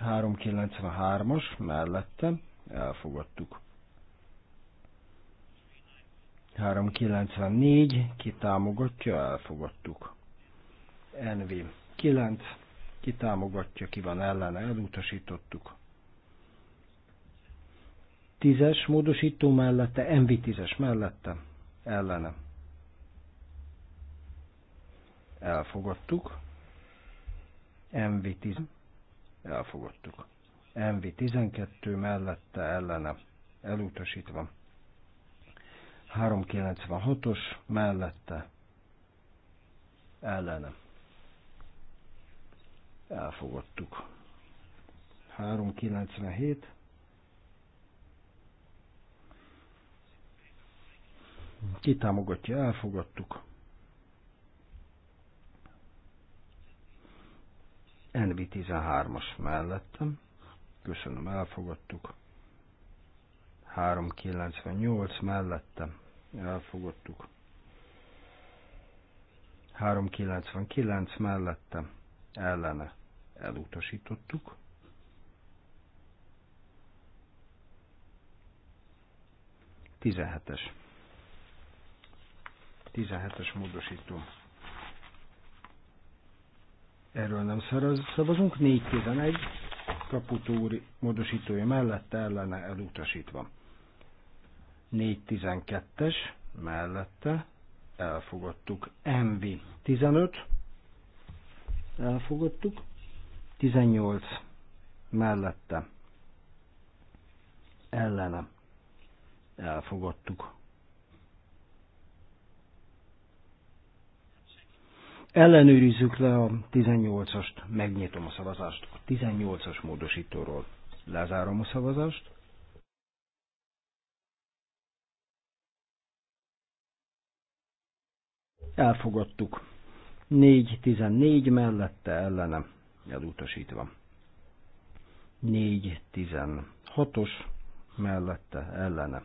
393-as mellette elfogadtuk. 394, kitámogatja, elfogadtuk. NV 9, kitámogatja, ki van ellene, elutasítottuk. 10-es módosító mellette, NV 10-es mellette, ellene. Elfogadtuk. NV 10 elfogadtuk. MV12 mellette ellene elutasítva. 396-os mellette ellene elfogadtuk. 397 kitámogatja, elfogadtuk. NB13-as mellettem. Köszönöm, elfogadtuk. 398 mellettem. Elfogadtuk. 399 mellettem. ellene elutasítottuk. Tizenhetes. Tizenhetes módosító Erről nem szavazunk. 411 Kaputó úr módosítója mellette ellene elutasítva. 4 12 es mellette elfogadtuk. MV 15 elfogadtuk. 18 mellette ellene elfogadtuk. Ellenőrizzük le a 18-ast, megnyitom a szavazást. A 18-as módosítóról lezárom a szavazást. Elfogadtuk. 4-14 mellette ellene elutasítva. 4-16-os mellette ellene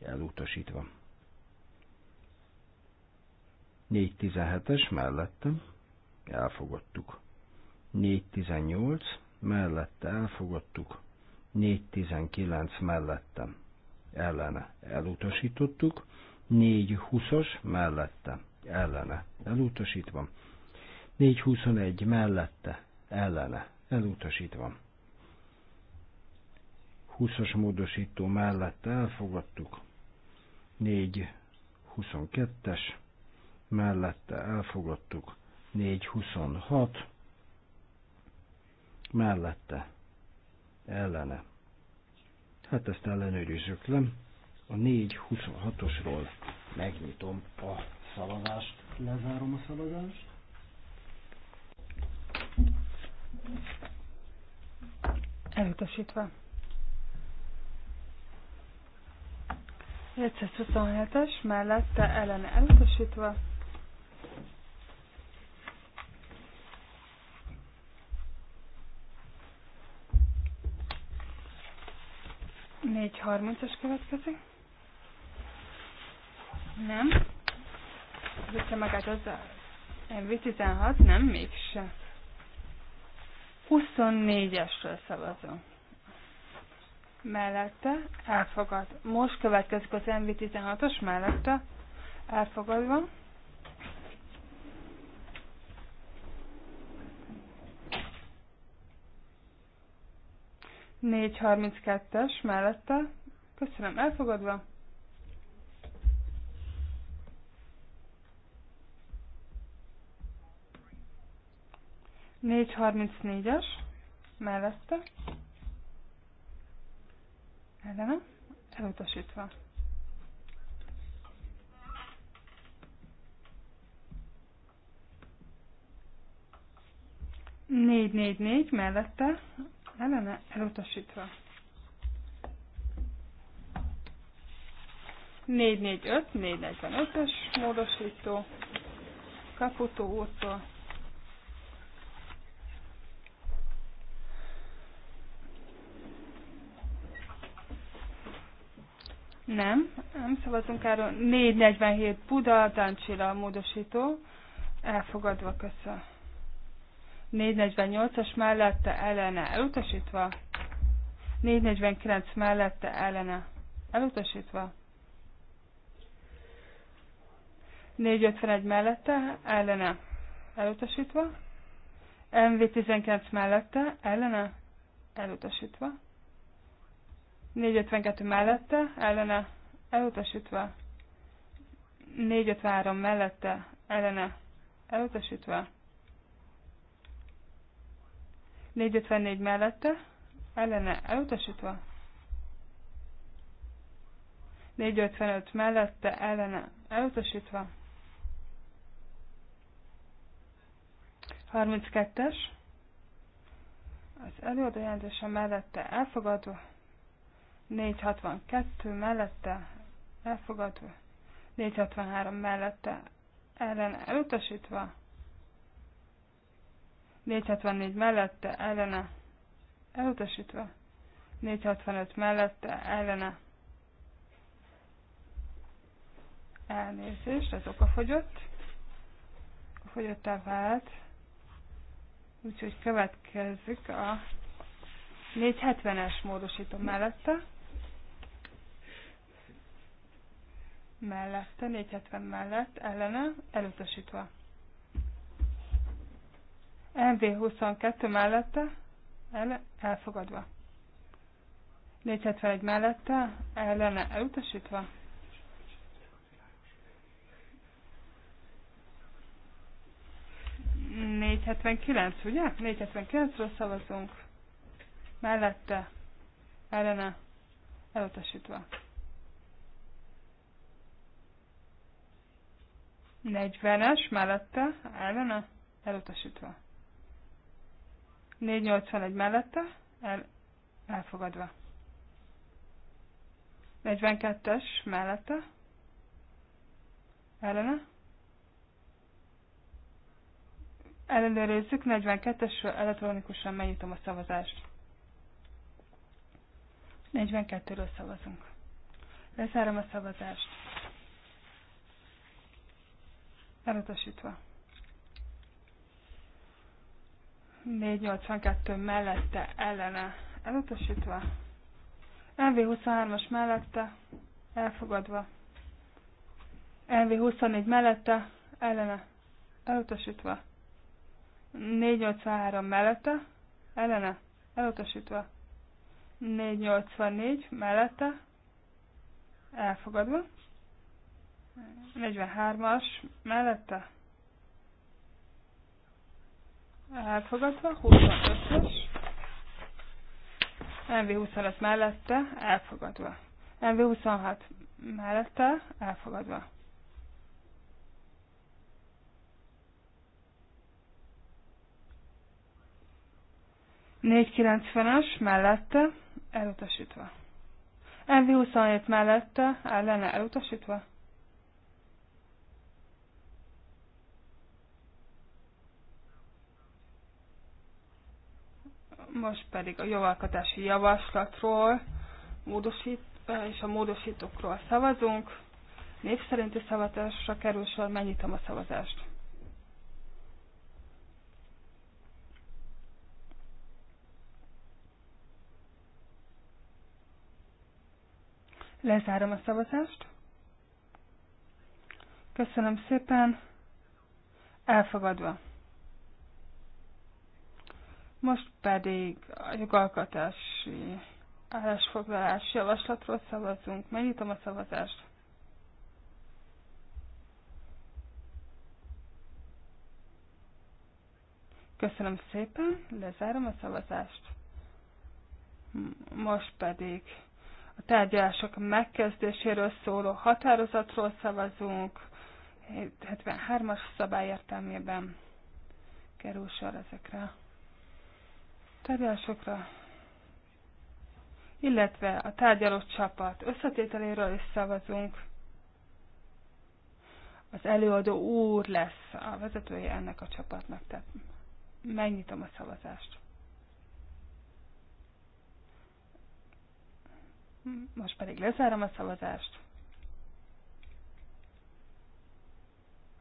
elutasítva. 417-es mellettem elfogadtuk. 418 mellette elfogadtuk. 419 mellettem ellene elutasítottuk. 420-as mellette ellene elutasítva. 421 mellette ellene elutasítva. 20-as módosító mellette elfogadtuk. 422-es mellette elfogadtuk 426, mellette ellene. Hát ezt ellenőrizzük le. A 426-osról megnyitom a szavazást, lezárom a szavazást. Elutasítva. 727-es mellette ellene elutasítva. 4.30-as következik. Nem. Vissza magát az a MV16, nem, mégse. 24-esről szavazom. Mellette elfogad. Most következik az MV16-os mellette elfogadva. 432-es mellette. Köszönöm, elfogadva. Négy négyes mellette. Ellene. Elutasítva. Négy négy négy mellette lenne elutasítva. 445, 445-ös módosító, Kaputó úrtól. Nem, nem szavazunk erről. 447 Buda, Dáncsila módosító, elfogadva köszönöm. 448-as mellette ellene elutasítva, 449 mellette ellene elutasítva, 451 mellette ellene elutasítva, MV19 mellette ellene elutasítva, 452 mellette ellene elutasítva, 453 mellette ellene elutasítva, 454 mellette, ellene elutasítva. 455 mellette, ellene elutasítva. 32-es. Az előadó jelentése mellette elfogadva. 462 mellette elfogadva. 463 mellette ellen elutasítva. 474 mellette ellene elutasítva. 465 mellette ellene elnézést, ez okafogyott. Okafogyottá vált. Úgyhogy következik a 470-es módosító mellette. Mellette, 470 mellett, ellene, elutasítva. MV22 mellette el, elfogadva. 471 mellette ellene elutasítva. Négy hetvenkilenc, ugye? Négy hetvenkilencről szavazunk. Mellette, ellene, elutasítva. 40-es mellette, ellene, elutasítva. 481 mellette, el, elfogadva. 42-es mellette, ellene. Ellenőrizzük, 42 es elektronikusan megnyitom a szavazást. 42-ről szavazunk. Lezárom a szavazást. Elutasítva. 482 mellette ellene elutasítva. mv 23 as mellette elfogadva. mv 24 mellette ellene elutasítva. 483 mellette ellene elutasítva. 484 mellette elfogadva. 43-as mellette elfogadva, 25-ös, MV25 mellette, elfogadva. MV26 mellette, elfogadva. Négy kilencvenes mellette, elutasítva. MV27 mellette, ellene elutasítva. Most pedig a jogalkotási javaslatról módosít, és a módosítókról szavazunk. Név szerinti szavazásra kerül sor, megnyitom a szavazást. Lezárom a szavazást. Köszönöm szépen. Elfogadva. Most pedig a jogalkatási állásfoglalás javaslatról szavazunk. Megnyitom a szavazást. Köszönöm szépen, lezárom a szavazást. Most pedig a tárgyalások megkezdéséről szóló határozatról szavazunk. 73-as szabály értelmében kerül sor ezekre tárgyalásokra, illetve a tárgyaló csapat összetételéről is szavazunk. Az előadó úr lesz a vezetője ennek a csapatnak, tehát megnyitom a szavazást. Most pedig lezárom a szavazást.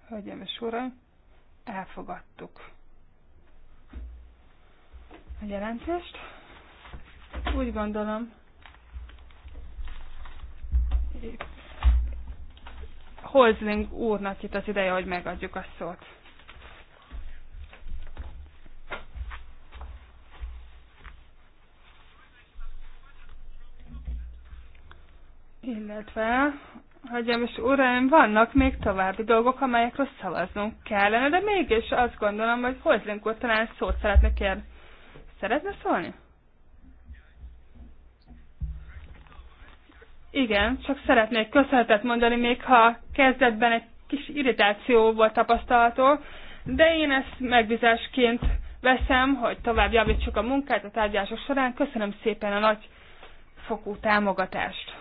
Hölgyeim és uraim, elfogadtuk a jelentést. Úgy gondolom, Holzling úrnak itt az ideje, hogy megadjuk a szót. Illetve, hölgyeim és uraim, vannak még további dolgok, amelyekről szavaznunk kellene, de mégis azt gondolom, hogy Holzling úr talán szót szeretne kérni. Szeretne szólni? Igen, csak szeretnék köszönetet mondani, még ha kezdetben egy kis irritáció volt tapasztalható, de én ezt megbízásként veszem, hogy tovább javítsuk a munkát a tárgyások során. Köszönöm szépen a nagy fokú támogatást.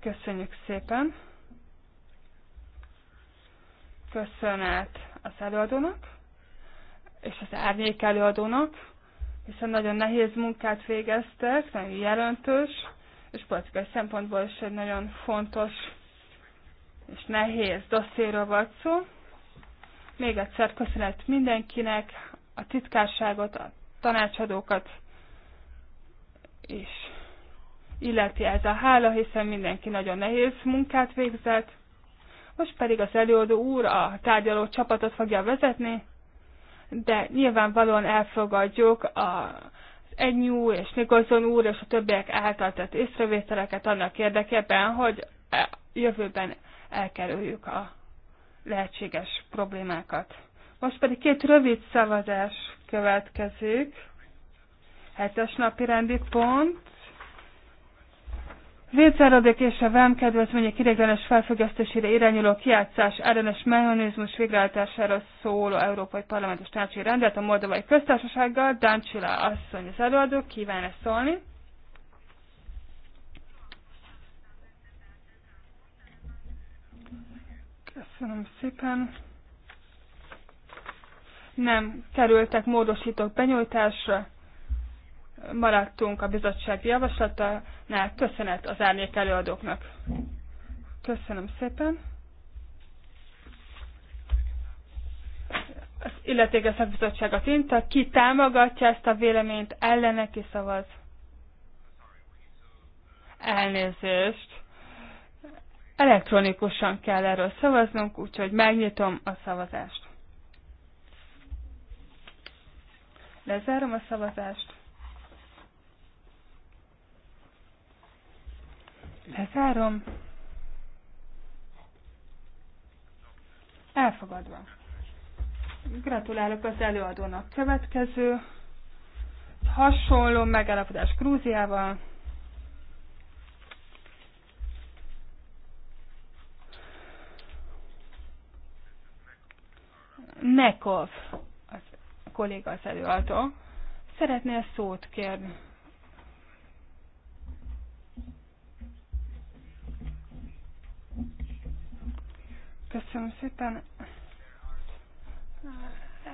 Köszönjük szépen. Köszönet az előadónak és az árnyék előadónak, hiszen nagyon nehéz munkát végeztek, nagyon jelentős, és politikai szempontból is egy nagyon fontos és nehéz dosszéről volt szó. Még egyszer köszönet mindenkinek, a titkárságot, a tanácsadókat, és illeti ez a hála, hiszen mindenki nagyon nehéz munkát végzett. Most pedig az előadó úr a tárgyaló csapatot fogja vezetni, de nyilvánvalóan elfogadjuk a Egnyú és Nikolson úr és a többiek által tett észrevételeket annak érdekében, hogy e, jövőben elkerüljük a lehetséges problémákat. Most pedig két rövid szavazás következik. Hetes napi rendi pont. Védzáradék és a VEM kedvezmények ideiglenes felfüggesztésére irányuló kiátszás ellenes mechanizmus végrehajtására szóló Európai Parlamentos Tanácsi rendet a Moldovai Köztársasággal Dancsila asszony az előadó kíván-e szólni. Köszönöm szépen. Nem kerültek módosítók benyújtásra maradtunk a bizottság javaslatánál. Köszönet az árnyék előadóknak. Köszönöm szépen. Az illetékes szakbizottságot inta. Ki támogatja ezt a véleményt, ellene ki szavaz? Elnézést. Elektronikusan kell erről szavaznunk, úgyhogy megnyitom a szavazást. Lezárom a szavazást. Lezárom. Elfogadva. Gratulálok az előadónak. Következő hasonló megállapodás Grúziával. Nekov, az kolléga az előadó, szeretnél szót kérni. Köszönöm szépen.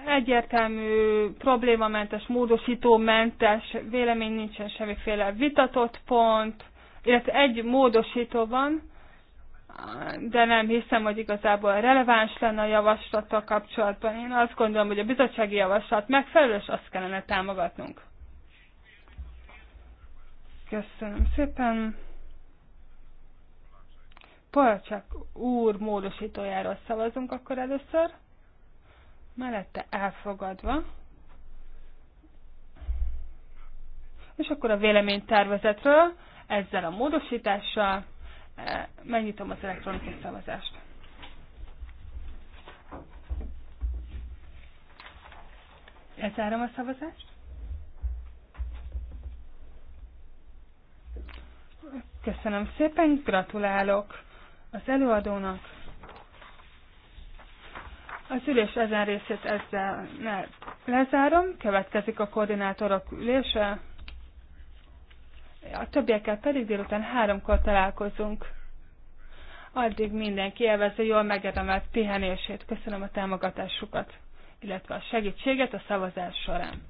Egyértelmű, problémamentes, módosítómentes, vélemény nincsen semmiféle vitatott pont, illetve egy módosító van, de nem hiszem, hogy igazából releváns lenne a javaslattal kapcsolatban. Én azt gondolom, hogy a bizottsági javaslat megfelelő, és azt kellene támogatnunk. Köszönöm szépen. Palacsak úr módosítójáról szavazunk akkor először. Mellette elfogadva. És akkor a véleménytervezetről ezzel a módosítással eh, megnyitom az elektronikus szavazást. Lezárom a szavazást. Köszönöm szépen, gratulálok az előadónak. A szülés ezen részét ezzel lezárom, következik a koordinátorok ülése. A többiekkel pedig délután háromkor találkozunk. Addig mindenki élvezze jól megérdemelt pihenését. Köszönöm a támogatásukat, illetve a segítséget a szavazás során.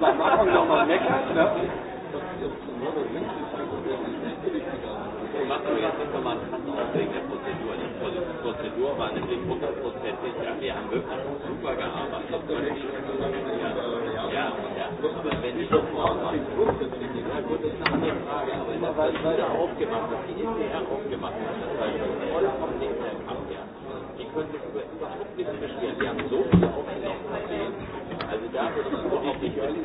Am Anfang nochmal meckern, ne? So machen wir jetzt nochmal einen Cut wegen der Prozedur. Die Prozedur war nämlich hundertprozentig, ja, wir haben wirklich super gearbeitet. Hát ja, ja, ja. Aber wenn ich das vorhabe, na gut, ist noch eine Frage, aber das war wieder aufgemacht, was die NDR aufgemacht hat, das war vollkommen nicht mehr im Kampf, ja. Die können sich überhaupt nicht beschweren. Die haben so viel aufgenommen. Also da würde ich überhaupt nicht